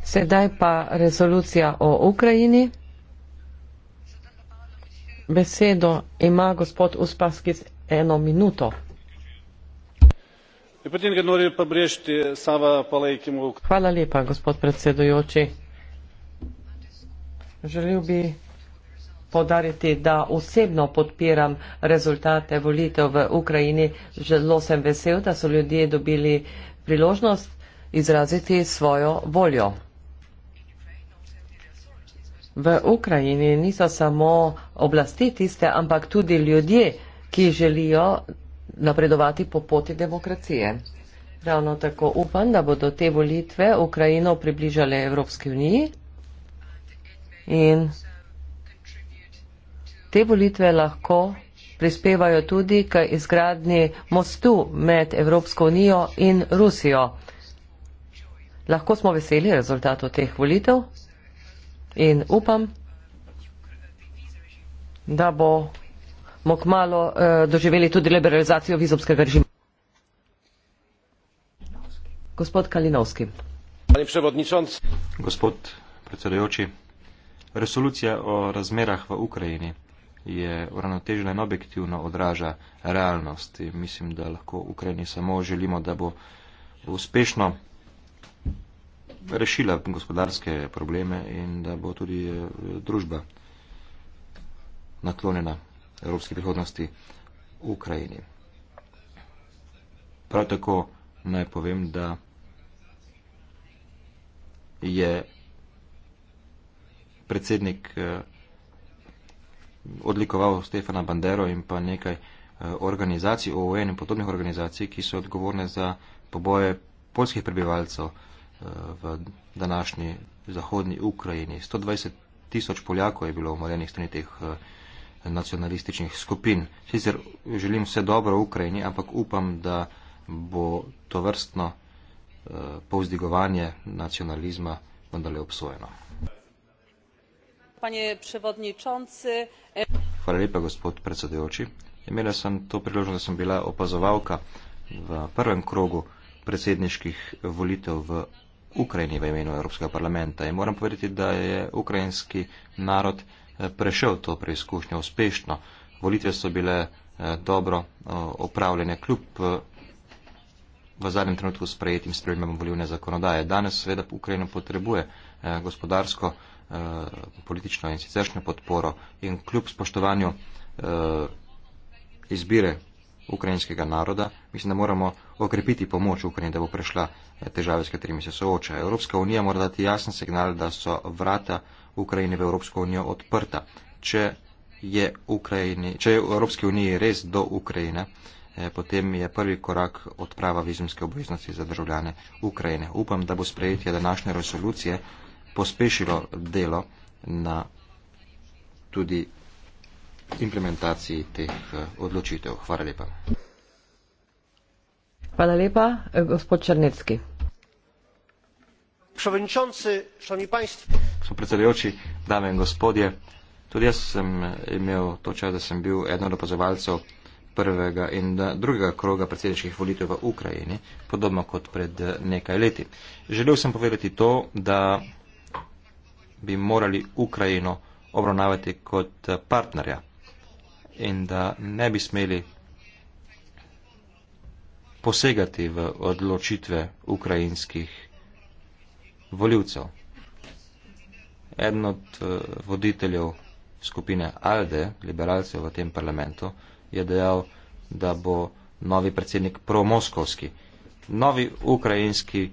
Sedaj pa rezolucija o Ukrajini. Besedo ima gospod Uspaskis eno minuto. Hvala lepa, gospod predsedujoči. Želel bi podariti, da osebno podpiram rezultate volitev v Ukrajini. Želo sem vesel, da so ljudje dobili priložnost izraziti svojo voljo. V Ukrajini niso samo oblasti tiste, ampak tudi ljudje, ki želijo napredovati po poti demokracije. Ravno tako upam, da bodo te volitve Ukrajino približale Evropski uniji in te volitve lahko prispevajo tudi k izgradni mostu med Evropsko unijo in Rusijo. Lahko smo veseli rezultatov teh volitev in upam, da bo bomo kmalo eh, doživeli tudi liberalizacijo vizumskega režima. Gospod Kalinovski. Gospod predsedujoči, resolucija o razmerah v Ukrajini je uravnotežena in objektivno odraža realnost. In mislim, da lahko Ukrajini samo želimo, da bo uspešno rešila gospodarske probleme in da bo tudi eh, družba naklonjena evropske prihodnosti v Ukrajini. Prav tako naj povem, da je predsednik eh, odlikoval Stefana Bandero in pa nekaj eh, organizacij, OUN in podobnih organizacij, ki so odgovorne za poboje polskih prebivalcev eh, v današnji zahodni Ukrajini. 120 tisoč Poljakov je bilo umorjenih strani teh uh, nacionalističnih skupin. Sicer želim vse dobro v Ukrajini, ampak upam, da bo to vrstno eh, povzdigovanje nacionalizma vendarle obsojeno. E- Hvala lepa, gospod predsedujoči. Imela sem to priložnost, da sem bila opazovalka v prvem krogu predsedniških volitev v Ukrajini v imenu Evropskega parlamenta in moram povedati, da je ukrajinski narod prešel to preizkušnjo uspešno. Volitve so bile eh, dobro eh, opravljene, kljub eh, v zadnjem trenutku sprejetim spremembam volivne zakonodaje. Danes seveda Ukrajina potrebuje gospodarsko, politično in siceršnjo podporo in kljub spoštovanju izbire ukrajinskega naroda, mislim, da moramo okrepiti pomoč Ukrajini, da bo prešla eh, težave, s katerimi se sooča. Evropska unija mora dati jasen signal, da so vrata Ukrajine v Evropsko unijo odprta. Če je, Ukrajini, če je Evropski uniji res do Ukrajine, eh, potem je prvi korak odprava vizumske obveznosti za državljane Ukrajine. Upam, da bo sprejetje današnje resolucije pospešilo delo na tudi implementaciji teh eh, odločitev. Hvala lepa. Hvala lepa, eh, gospod Črnecki. Šovenčonci, šovni panjstvi. Gospod predsedujoči, dame in gospodje, tudi jaz sem eh, imel to čas, da sem bil eden od opozovalcev prvega in drugega kroga predsedniških volitev v Ukrajini, podobno kot pred nekaj leti. Želel sem povedati to, da bi morali Ukrajino obravnavati kot partnerja in da ne bi smeli posegati v odločitve ukrajinskih voljivcev. Eden od eh, voditeljev skupine ALDE, liberalcev v tem parlamentu, je dejal, da bo novi predsednik promoskovski. Novi ukrajinski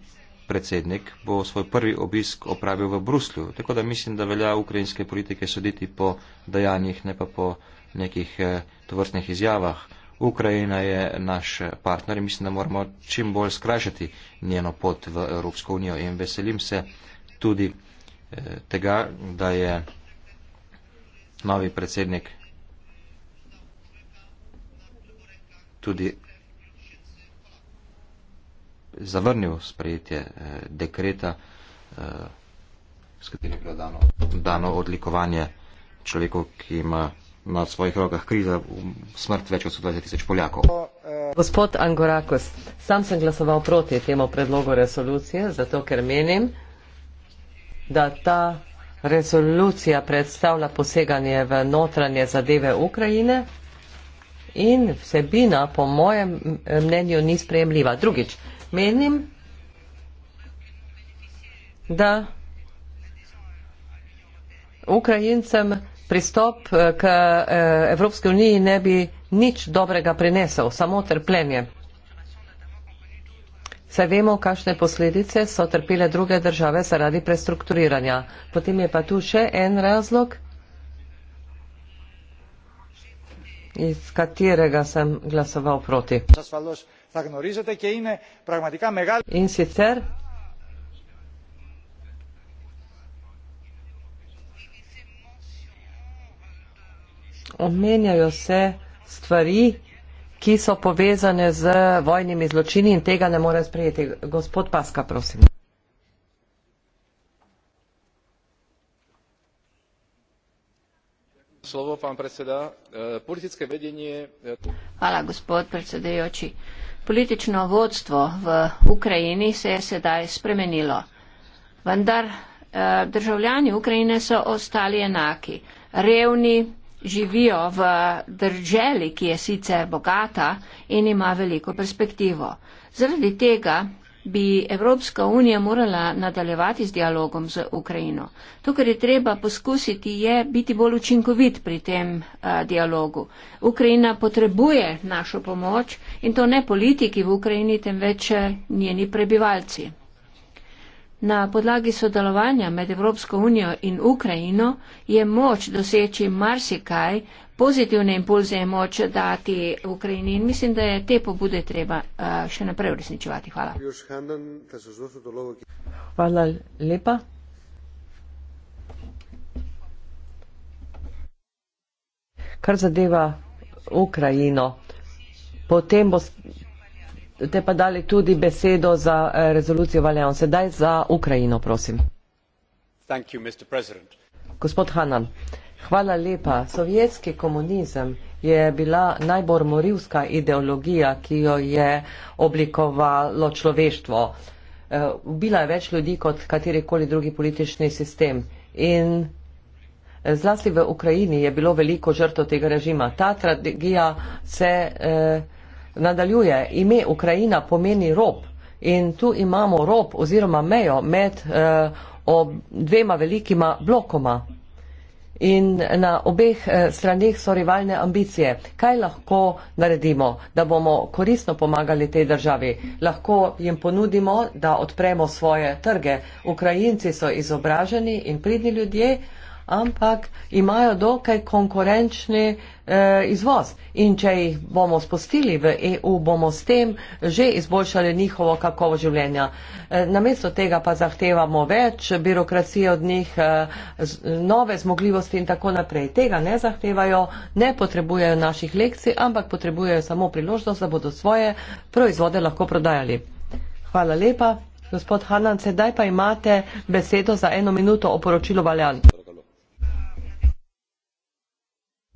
predsednik bo svoj prvi obisk opravil v Bruslju, tako da mislim, da velja ukrajinske politike soditi po dejanjih, ne pa po nekih eh, tovrstnih izjavah. Ukrajina je naš partner in mislim, da moramo čim bolj skrajšati njeno pot v Evropsko unijo in veselim se tudi eh, tega, da je novi predsednik tudi zavrnil sprejetje eh, dekreta, s katerim je bilo dano, dano odlikovanje človeku, ki ima na svojih rokah kriza v smrt več kot 120 tisoč Poljakov. Gospod Angorakos, sam sem glasoval proti temu predlogu resolucije, zato ker menim, da ta resolucija predstavlja poseganje v notranje zadeve Ukrajine in vsebina, po mojem mnenju, ni sprejemljiva. Drugič, menim, da Ukrajincem pristop eh, k eh, Evropski uniji ne bi nič dobrega prinesel, samo trpljenje. Saj vemo, kakšne posledice so trpile druge države zaradi prestrukturiranja. Potem je pa tu še en razlog, iz katerega sem glasoval proti. In sicer omenjajo se stvari, ki so povezane z vojnimi zločini in tega ne more sprejeti. Gospod Paska, prosim. Slovo, predseda. E, politické vedenie... E, Hvala, gospod predsedujoči. Politično vodstvo v Ukrajini se je sedaj spremenilo. Vendar e, državljani Ukrajine so ostali enaki. Revni, živijo v drželi, ki je sicer bogata in ima veliko perspektivo. Zaradi tega bi Evropska unija morala nadaljevati z dialogom z Ukrajino. To, kar je treba poskusiti, je biti bolj učinkovit pri tem uh, dialogu. Ukrajina potrebuje našo pomoč in to ne politiki v Ukrajini, temveč eh, njeni prebivalci. Na podlagi sodelovanja med Evropsko unijo in Ukrajino je moč doseči marsikaj, pozitivne impulze je moč dati Ukrajini in mislim, da je te pobude treba eh, še naprej uresničevati. Hvala. Hvala lepa. Kar zadeva Ukrajino, potem bo te pa dali tudi besedo za eh, rezolucijo Valjan. Sedaj za Ukrajino, prosim. You, Gospod Hanan, hvala lepa. Sovjetski komunizem je bila najbolj morilska ideologija, ki jo je oblikovalo človeštvo. Eh, bila je več ljudi kot katerikoli drugi politični sistem. In eh, zlasti v Ukrajini je bilo veliko žrtev tega režima. Ta strategija se eh, nadaljuje, ime Ukrajina pomeni rob in tu imamo rob oziroma mejo med eh, dvema velikima blokoma. In na obeh eh, straneh so rivalne ambicije. Kaj lahko naredimo, da bomo koristno pomagali tej državi? Lahko jim ponudimo, da odpremo svoje trge. Ukrajinci so izobraženi in pridni ljudje, ampak imajo dokaj konkurenčni eh, izvoz. In če jih bomo spustili v EU, bomo s tem že izboljšali njihovo kakovo življenja. Eh, namesto tega pa zahtevamo več birokracije od njih, eh, nove zmogljivosti in tako naprej. Tega ne zahtevajo, ne potrebujejo naših lekcij, ampak potrebujejo samo priložnost, da bodo svoje proizvode lahko prodajali. Hvala lepa. Gospod Hanan, sedaj pa imate besedo za eno minuto o poročilu Valjan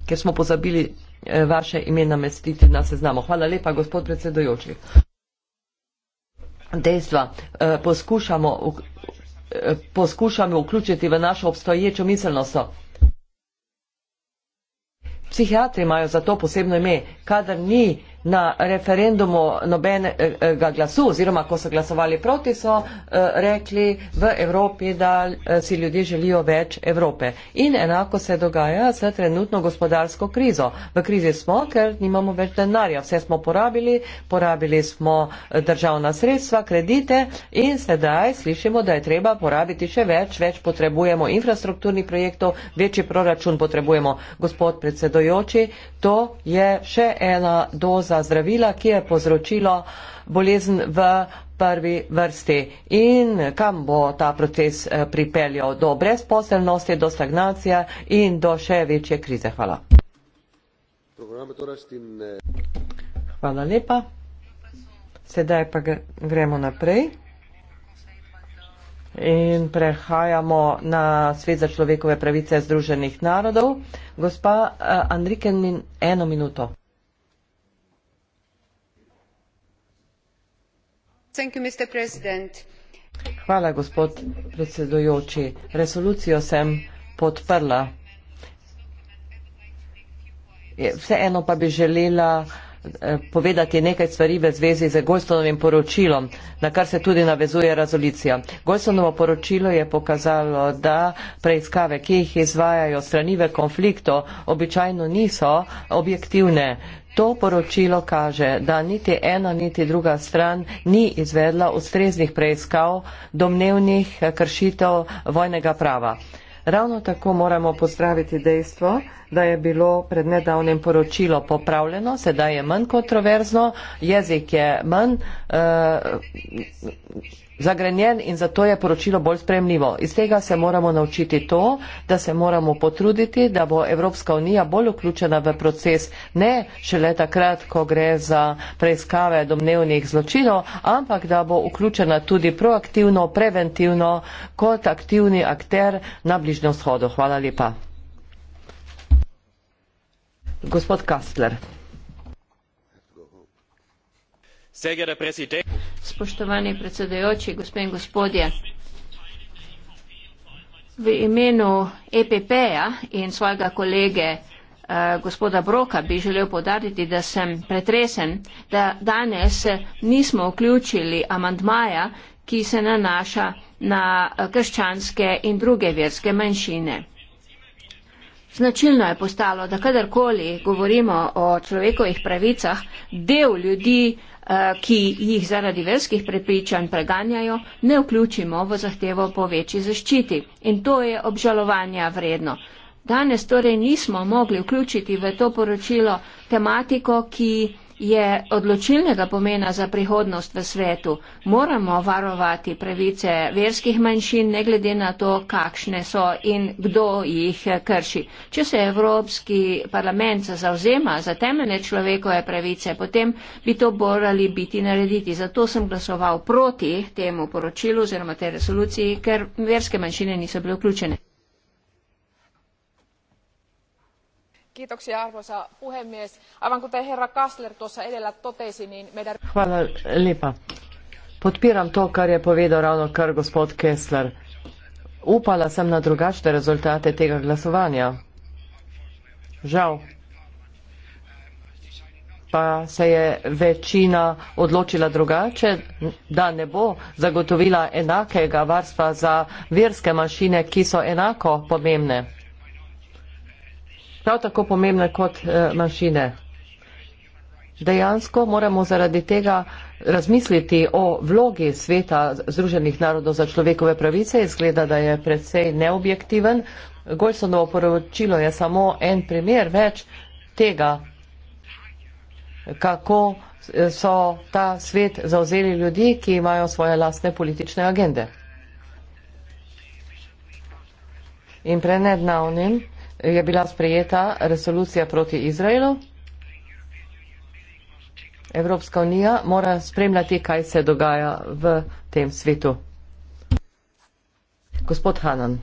ker smo pozabili eh, vaše ime namestiti na seznamo. Hvala lepa, gospod predsedojoči. Dejstva. Eh, poskušamo, eh, poskušamo vključiti v našo obstoječo miselnost. Psihiatri imajo za to posebno ime, kadar ni na referendumu nobenega glasu oziroma ko so glasovali proti, so eh, rekli v Evropi, da eh, si ljudje želijo več Evrope. In enako se dogaja s trenutno gospodarsko krizo. V krizi smo, ker nimamo več denarja. Vse smo porabili, porabili smo eh, državna sredstva, kredite in sedaj slišimo, da je treba porabiti še več. Več potrebujemo infrastrukturnih projektov, večji proračun potrebujemo. Gospod predsedojoči, to je še ena doza za zdravila, ki je povzročilo bolezen v prvi vrsti in kam bo ta proces eh, pripeljal do brezposelnosti, do stagnacije in do še večje krize. Hvala. Hvala lepa. Sedaj pa gremo naprej. In prehajamo na svet za človekove pravice Združenih narodov. Gospa eh, Andriken, eno minuto. Hvala, gospod predsedujoči. Resolucijo sem podprla. Vseeno pa bi želela eh, povedati nekaj stvari v zvezi z Golstonovim poročilom, na kar se tudi navezuje rezolucija. Golstonovo poročilo je pokazalo, da preiskave, ki jih izvajajo strani v konfliktu, običajno niso objektivne. To poročilo kaže, da niti ena, niti druga stran ni izvedla ustreznih preiskav domnevnih kršitev vojnega prava. Ravno tako moramo pozdraviti dejstvo, da je bilo pred nedavnim poročilo popravljeno, sedaj je manj kontroverzno, jezik je manj. Uh, zagrenjen in zato je poročilo bolj spremljivo. Iz tega se moramo naučiti to, da se moramo potruditi, da bo Evropska unija bolj vključena v proces, ne šele takrat, ko gre za preiskave domnevnih zločinov, ampak da bo vključena tudi proaktivno, preventivno, kot aktivni akter na Bližnjem vzhodu. Hvala lepa. Gospod Kastler. Spoštovani predsedujoči, gospe in gospodje. V imenu EPP-ja in svojega kolege eh, gospoda Broka bi želel podariti, da sem pretresen, da danes nismo vključili amandmaja, ki se nanaša na eh, krščanske in druge verske manjšine. Značilno je postalo, da kadarkoli govorimo o človekovih pravicah, del ljudi, eh, ki jih zaradi verskih prepričanj preganjajo, ne vključimo v zahtevo po večji zaščiti. In to je obžalovanja vredno. Danes torej nismo mogli vključiti v to poročilo tematiko, ki je odločilnega pomena za prihodnost v svetu. Moramo varovati pravice verskih manjšin, ne glede na to, kakšne so in kdo jih krši. Če se Evropski parlament zauzema za temeljne človekove pravice, potem bi to morali biti narediti. Zato sem glasoval proti temu poročilu oziroma tej resoluciji, ker verske manjšine niso bile vključene. arvoisa puhemies aivan kuten herra Kassler tuossa edellä totesi niin meidän Hvala lepa. Podpiram to kar je povedal ravno kar gospod Kessler. Upala sem na drugačne rezultate tega glasovanja. Žal. Pa se je večina odločila drugače, da ne bo zagotovila enakega varstva za verske mašine, ki so enako pomembne prav tako pomembne kot eh, manjšine. Dejansko moramo zaradi tega razmisliti o vlogi sveta Združenih narodov za človekove pravice. Izgleda, da je predvsej neobjektiven. Golsonovo poročilo je samo en primer več tega, kako eh, so ta svet zauzeli ljudi, ki imajo svoje lastne politične agende. In prenednavnim je bila sprejeta resolucija proti Izraelu. Evropska unija mora spremljati, kaj se dogaja v tem svetu. Gospod Hanan.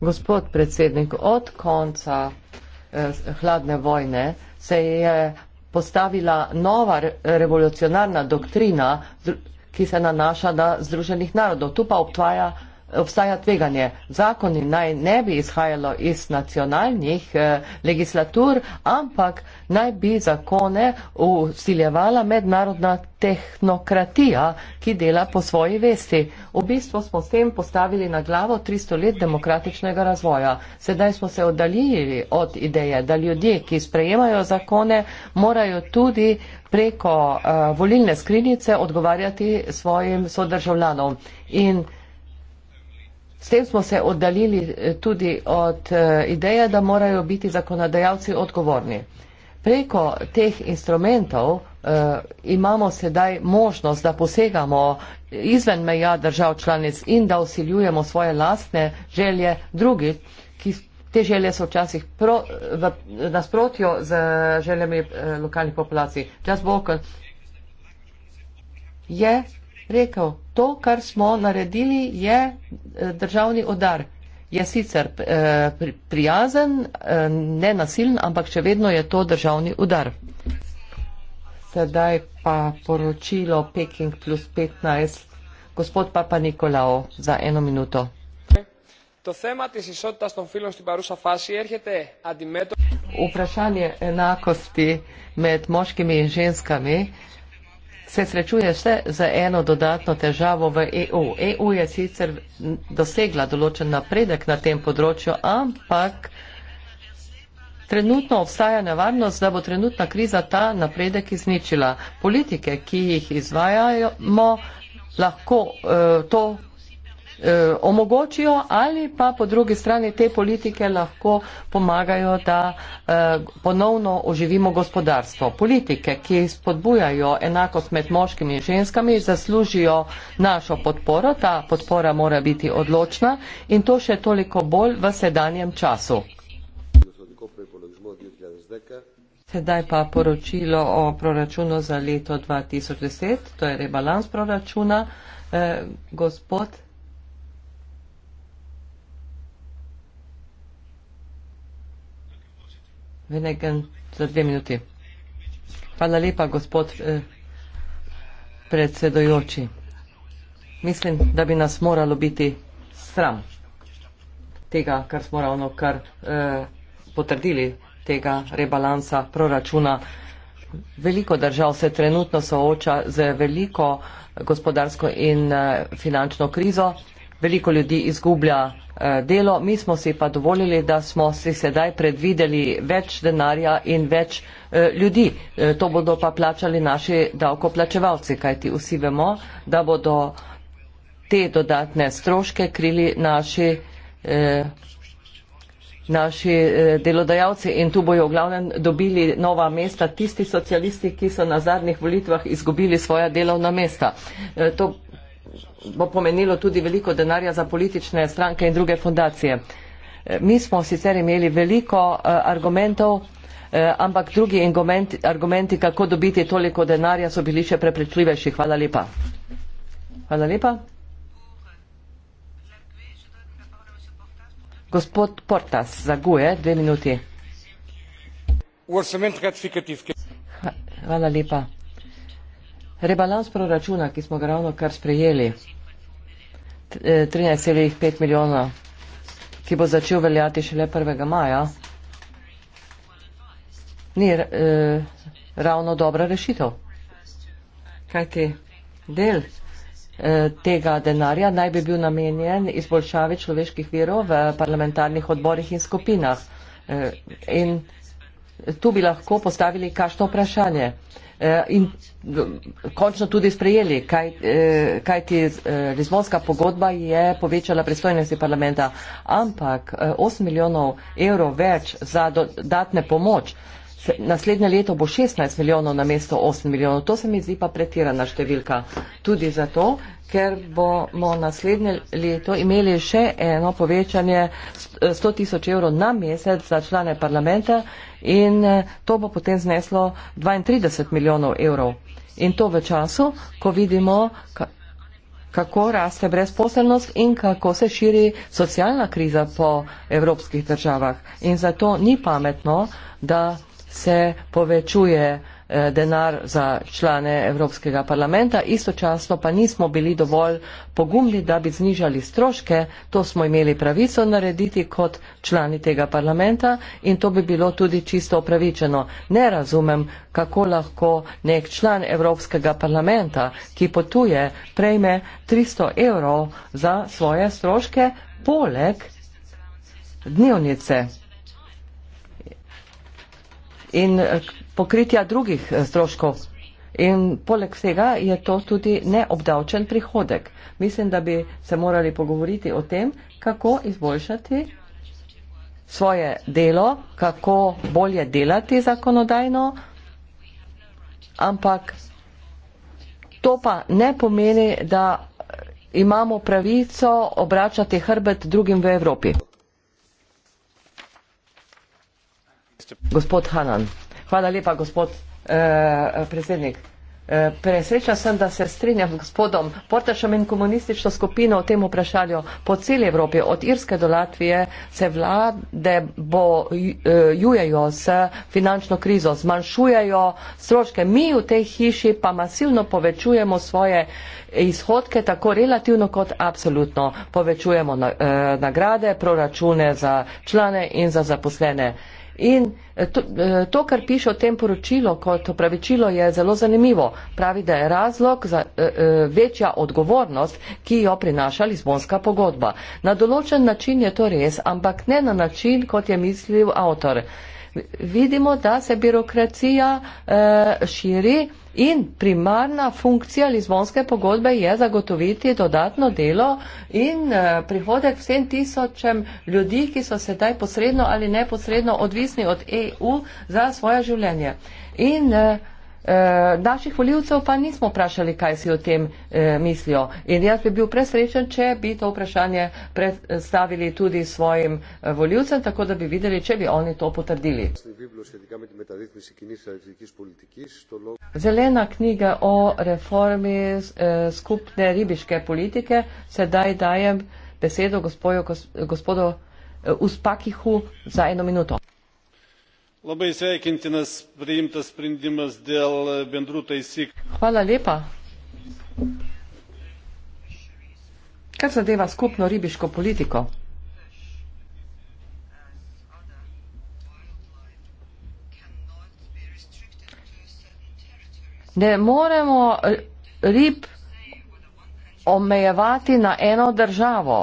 Gospod predsednik, od konca eh, hladne vojne se je postavila nova revolucionarna doktrina, ki se nanaša na Združenih narodov. Tu pa obtvaja obstaja tveganje. Zakoni naj ne bi izhajalo iz nacionalnih eh, legislatur, ampak naj bi zakone usiljevala mednarodna tehnokratija, ki dela po svoji vesti. V bistvu smo s tem postavili na glavo 300 let demokratičnega razvoja. Sedaj smo se oddaljili od ideje, da ljudje, ki sprejemajo zakone, morajo tudi preko uh, volilne skrinice odgovarjati svojim sodržavljanom. In S tem smo se oddaljili eh, tudi od eh, ideje, da morajo biti zakonodajalci odgovorni. Preko teh instrumentov eh, imamo sedaj možnost, da posegamo izven meja držav članic in da usiljujemo svoje lastne želje drugih, ki te želje so včasih pro, v nasprotju z eh, željami eh, lokalnih populacij. Jaz bo, ko je rekel, to, kar smo naredili, je eh, državni odar. Je sicer eh, prijazen, eh, ne nasiln, ampak še vedno je to državni udar. Sedaj pa poročilo Peking plus 15. Gospod Papa Nikolao, za eno minuto. To tema tis isotas ton filom sti parusa fasi erhete antimeto... Vprašanje enakosti med moškimi in ženskami se srečuje še z eno dodatno težavo v EU. EU je sicer dosegla določen napredek na tem področju, ampak trenutno obstaja nevarnost, da bo trenutna kriza ta napredek izničila. Politike, ki jih izvajajo, lahko uh, to Eh, omogočijo ali pa po drugi strani te politike lahko pomagajo, da eh, ponovno oživimo gospodarstvo. Politike, ki spodbujajo enakost med moškimi in ženskami, zaslužijo našo podporo. Ta podpora mora biti odločna in to še toliko bolj v sedanjem času. Sedaj pa poročilo o proračunu za leto 2010, to je rebalans proračuna. Eh, gospod Venegan za dve minuti. Hvala lepa, gospod eh, predsedojoči. Mislim, da bi nas moralo biti sram tega, kar smo ravno kar eh, potrdili, tega rebalansa proračuna. Veliko držav se trenutno sooča z veliko gospodarsko in eh, finančno krizo veliko ljudi izgublja eh, delo, mi smo si pa dovolili, da smo si sedaj predvideli več denarja in več eh, ljudi. Eh, to bodo pa plačali naši davkoplačevalci, kajti vsi vemo, da bodo te dodatne stroške krili naši naši delodajalci in tu bojo v glavnem dobili nova mesta tisti socialisti, ki so na zadnjih volitvah izgubili svoja delovna mesta. To bo pomenilo tudi veliko denarja za politične stranke in druge fondacije. E, mi smo sicer imeli veliko e, argumentov, e, ampak drugi argumenti, kako dobiti toliko denarja, so bili še preprečljivejši. Hvala lepa. Hvala lepa. Gospod Portas, zaguje dve minuti. Hvala lepa. Rebalans proračuna, ki smo ga ravno kar sprejeli, 13,5 eh, milijona, ki bo začel veljati šele 1. maja, ni eh, ravno dobra rešitev. Kajti del eh, tega denarja naj bi bil namenjen izboljšavi človeških virov v parlamentarnih odborih in skupinah. Eh, in tu bi lahko postavili kašno vprašanje. Eh, Eh, in končno tudi sprejeli, kaj, eh, kaj ti eh, Lizbonska pogodba je povečala predstojnosti parlamenta, ampak 8 milijonov evrov več za dodatne pomoč. Naslednje leto bo 16 milijonov na mesto 8 milijonov. To se mi zdi pa pretirana številka. Tudi zato, ker bomo naslednje leto imeli še eno povečanje 100 tisoč evrov na mesec za člane parlamenta in eh, to bo potem zneslo 32 milijonov evrov. In to v času, ko vidimo, kako raste brezposelnost in kako se širi socialna kriza po evropskih državah. In zato ni pametno, da se povečuje uh, Eh, denar za člane Evropskega parlamenta, istočasno pa nismo bili dovolj pogumni, da bi znižali stroške, to smo imeli pravico narediti kot člani tega parlamenta in to bi bilo tudi čisto upravičeno. Ne razumem, kako lahko nek član Evropskega parlamenta, ki potuje, prejme 300 evrov za svoje stroške poleg dnevnice in eh, pokritja drugih eh, stroškov. In poleg vsega je to tudi neobdavčen prihodek. Mislim, da bi se morali pogovoriti o tem, kako izboljšati svoje delo, kako bolje delati zakonodajno, ampak to pa ne pomeni, da imamo pravico obračati hrbet drugim v Evropi. Gospod Hanan, hvala lepa, gospod eh, predsednik. Eh, presrečna sem, da se strinjam s gospodom Portašom in komunistično skupino o tem vprašanju. Po celi Evropi, od Irske do Latvije, se vlade bojujejo eh, s finančno krizo, zmanjšujejo stroške. Mi v tej hiši pa masivno povečujemo svoje izhodke, tako relativno kot absolutno. Povečujemo na, eh, nagrade, proračune za člane in za zaposlene. In eh, to, eh, to, kar piše o tem poročilu kot opravičilo, je zelo zanimivo. Pravi, da je razlog za eh, večja odgovornost, ki jo prinaša Lizbonska pogodba. Na določen način je to res, ampak ne na način, kot je mislil avtor vidimo, da se birokracija eh, širi in primarna funkcija Lizbonske pogodbe je zagotoviti dodatno delo in eh, prihodek vsem tisočem ljudi, ki so sedaj posredno ali neposredno odvisni od EU za svoje življenje. In, eh, Eh, naših voljivcev pa nismo vprašali, kaj si o tem eh, mislijo. In jaz bi bil presrečen, če bi to vprašanje predstavili tudi svojim eh, voljivcem, tako da bi videli, če bi oni to potrdili. Zelena knjiga o reformi skupne ribiške politike sedaj dajem besedo gospodu Uspakihu za eno minuto labai sveikintinas priimtas sprendimas dėl bendrų taisyklių. Hvala lepa. Kar zadeva skupno ribiško politiko. Ne moremo rib omejevati na eno državo.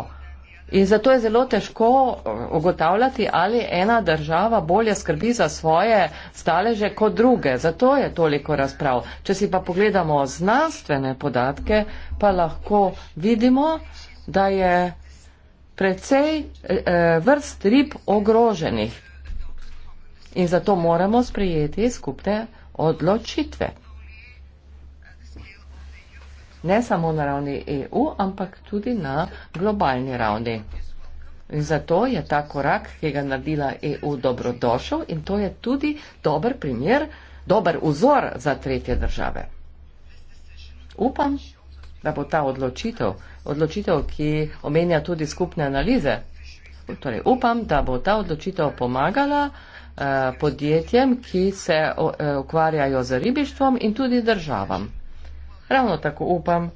In zato je zelo težko eh, ugotavljati, ali ena država bolje skrbi za svoje staleže kot druge. Zato je toliko razprav. Če si pa pogledamo znanstvene podatke, pa lahko vidimo, da je precej eh, eh, vrst rib ogroženih. In zato moramo sprejeti skupne odločitve ne samo na ravni EU, ampak tudi na globalni ravni. In zato je ta korak, ki ga je naredila EU, dobrodošel in to je tudi dober primer, dober vzor za tretje države. Upam, da bo ta odločitev, odločitev, ki omenja tudi skupne analize, torej upam, da bo ta odločitev pomagala eh, podjetjem, ki se eh, ukvarjajo z ribištvom in tudi državam. Ravno tako upam,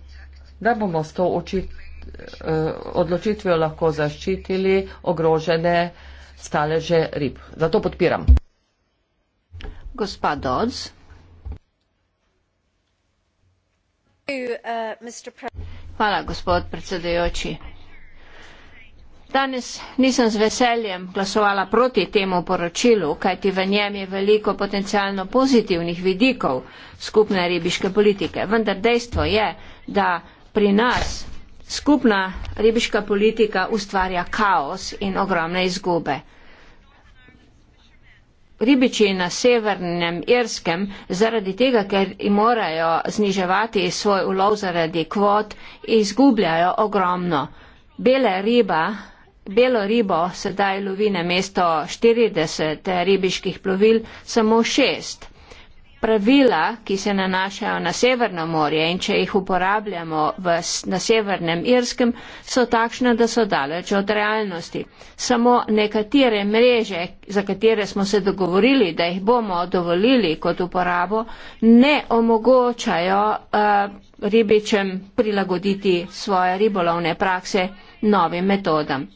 da bomo s to očit, eh, odločitvijo lahko zaščitili ogrožene staleže rib. Zato podpiram. Gospa Dodds. Uh, Hvala, gospod predsedujoči. Danes nisem z veseljem glasovala proti temu poročilu, kajti v njem je veliko potencijalno pozitivnih vidikov skupne ribiške politike. Vendar dejstvo je, da pri nas skupna ribiška politika ustvarja kaos in ogromne izgube. Ribiči na severnem Irskem zaradi tega, ker jim morajo zniževati svoj ulov zaradi kvot, izgubljajo ogromno. Bele riba belo ribo sedaj lovi na mesto 40 ribiških plovil samo šest. Pravila, ki se nanašajo na Severno morje in če jih uporabljamo v, na Severnem Irskem, so takšne, da so daleč od realnosti. Samo nekatere mreže, za katere smo se dogovorili, da jih bomo dovolili kot uporabo, ne omogočajo uh, ribičem prilagoditi svoje ribolovne prakse novim metodam.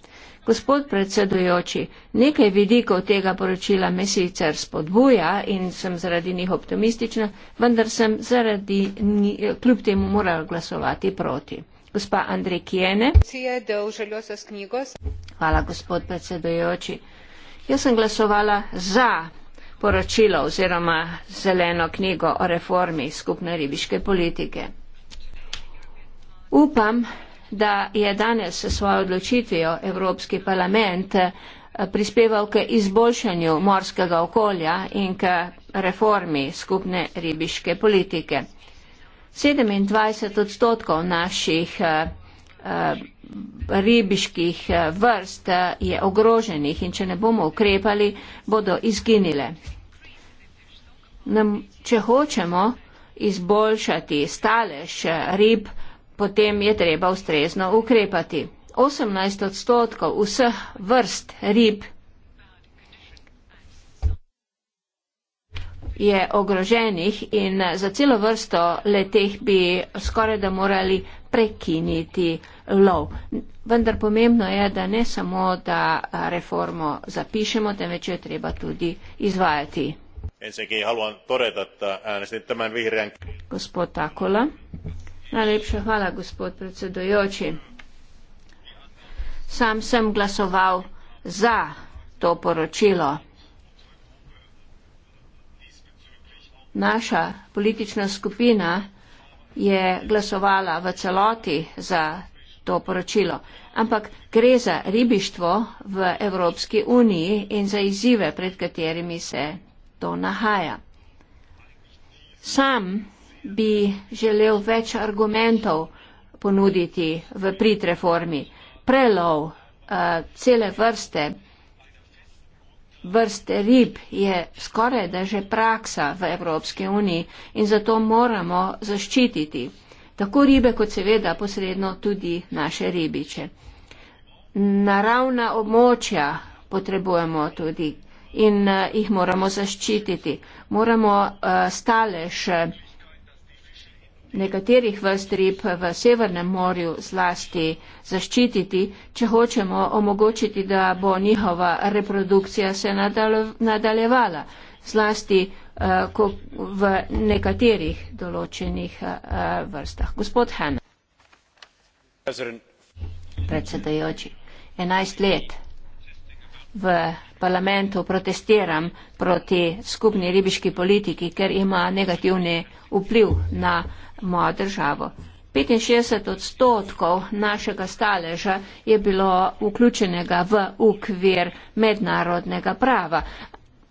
Gospod predsedujoči, nekaj vidikov tega poročila me sicer spodbuja in sem zaradi njih optimistična, vendar sem zaradi njih kljub temu morala glasovati proti. Gospa Andrej Kijene. Hvala, gospod predsedujoči. Jaz sem glasovala za poročilo oziroma zeleno knjigo o reformi skupne ribiške politike. Upam, da je danes s svojo odločitvijo Evropski parlament eh, prispeval k izboljšanju morskega okolja in k reformi skupne ribiške politike. 27 odstotkov naših eh, eh, ribiških vrst je ogroženih in če ne bomo ukrepali, bodo izginile. Če hočemo izboljšati stalež rib, potem je treba ustrezno ukrepati. 18 odstotkov vseh vrst rib je ogroženih in za celo vrsto leteh bi skoraj da morali prekiniti lov. Vendar pomembno je, da ne samo, da reformo zapišemo, temveč jo treba tudi izvajati. Ensinnäkin haluan todeta, että äänestin tämän vihreän... Gospod Takola. Najlepša hvala, gospod predsedujoči. Sam sem glasoval za to poročilo. Naša politična skupina je glasovala v celoti za to poročilo, ampak gre za ribištvo v Evropski uniji in za izzive, pred katerimi se to nahaja. Sam bi želel več argumentov ponuditi v prid reformi. Prelov uh, cele vrste, vrste rib je skoraj da že praksa v Evropski uniji in zato moramo zaščititi tako ribe, kot seveda posredno tudi naše ribiče. Naravna območja potrebujemo tudi in uh, jih moramo zaščititi. Moramo uh, stalež. Uh, nekaterih vrst rib v Severnem morju zlasti zaščititi, če hočemo omogočiti, da bo njihova reprodukcija se nadaljevala, zlasti uh, v nekaterih določenih uh, vrstah. Gospod Hanna. Predsedajoči, 11 let v parlamentu protestiram proti skupni ribiški politiki, ker ima negativni vpliv na mojo državo. 65 odstotkov našega staleža je bilo vključenega v ukvir mednarodnega prava,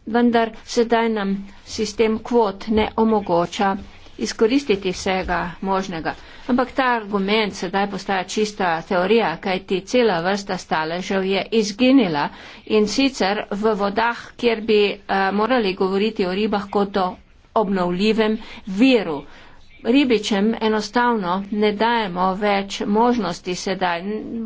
vendar sedaj nam sistem kvot ne omogoča izkoristiti vsega možnega. Ampak ta argument sedaj postaja čista teorija, kajti cela vrsta staležev je izginila in sicer v vodah, kjer bi uh, morali govoriti o ribah kot o obnovljivem viru ribičem enostavno ne dajemo več možnosti sedaj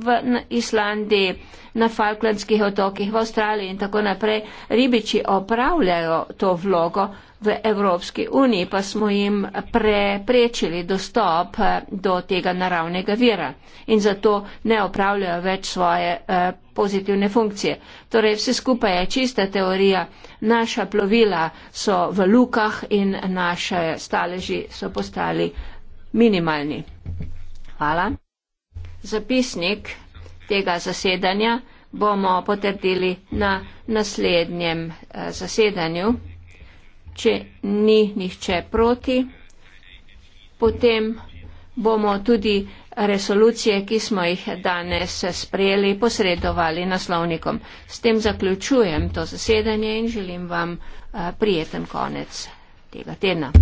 v Islandiji, na Falklandskih otokih, v Avstraliji in tako naprej. Ribiči opravljajo to vlogo v Evropski uniji, pa smo jim preprečili dostop eh, do tega naravnega vira in zato ne opravljajo več svoje eh, pozitivne funkcije. Torej, vse skupaj je čista teorija. Naša plovila so v lukah in naše staleži so postali minimalni. Hvala. Zapisnik tega zasedanja bomo potrdili na naslednjem eh, zasedanju. Če ni nihče proti, potem bomo tudi resolucije, ki smo jih danes sprejeli, posredovali naslovnikom. S tem zaključujem to zasedanje in želim vam eh, prijeten konec tega tedna.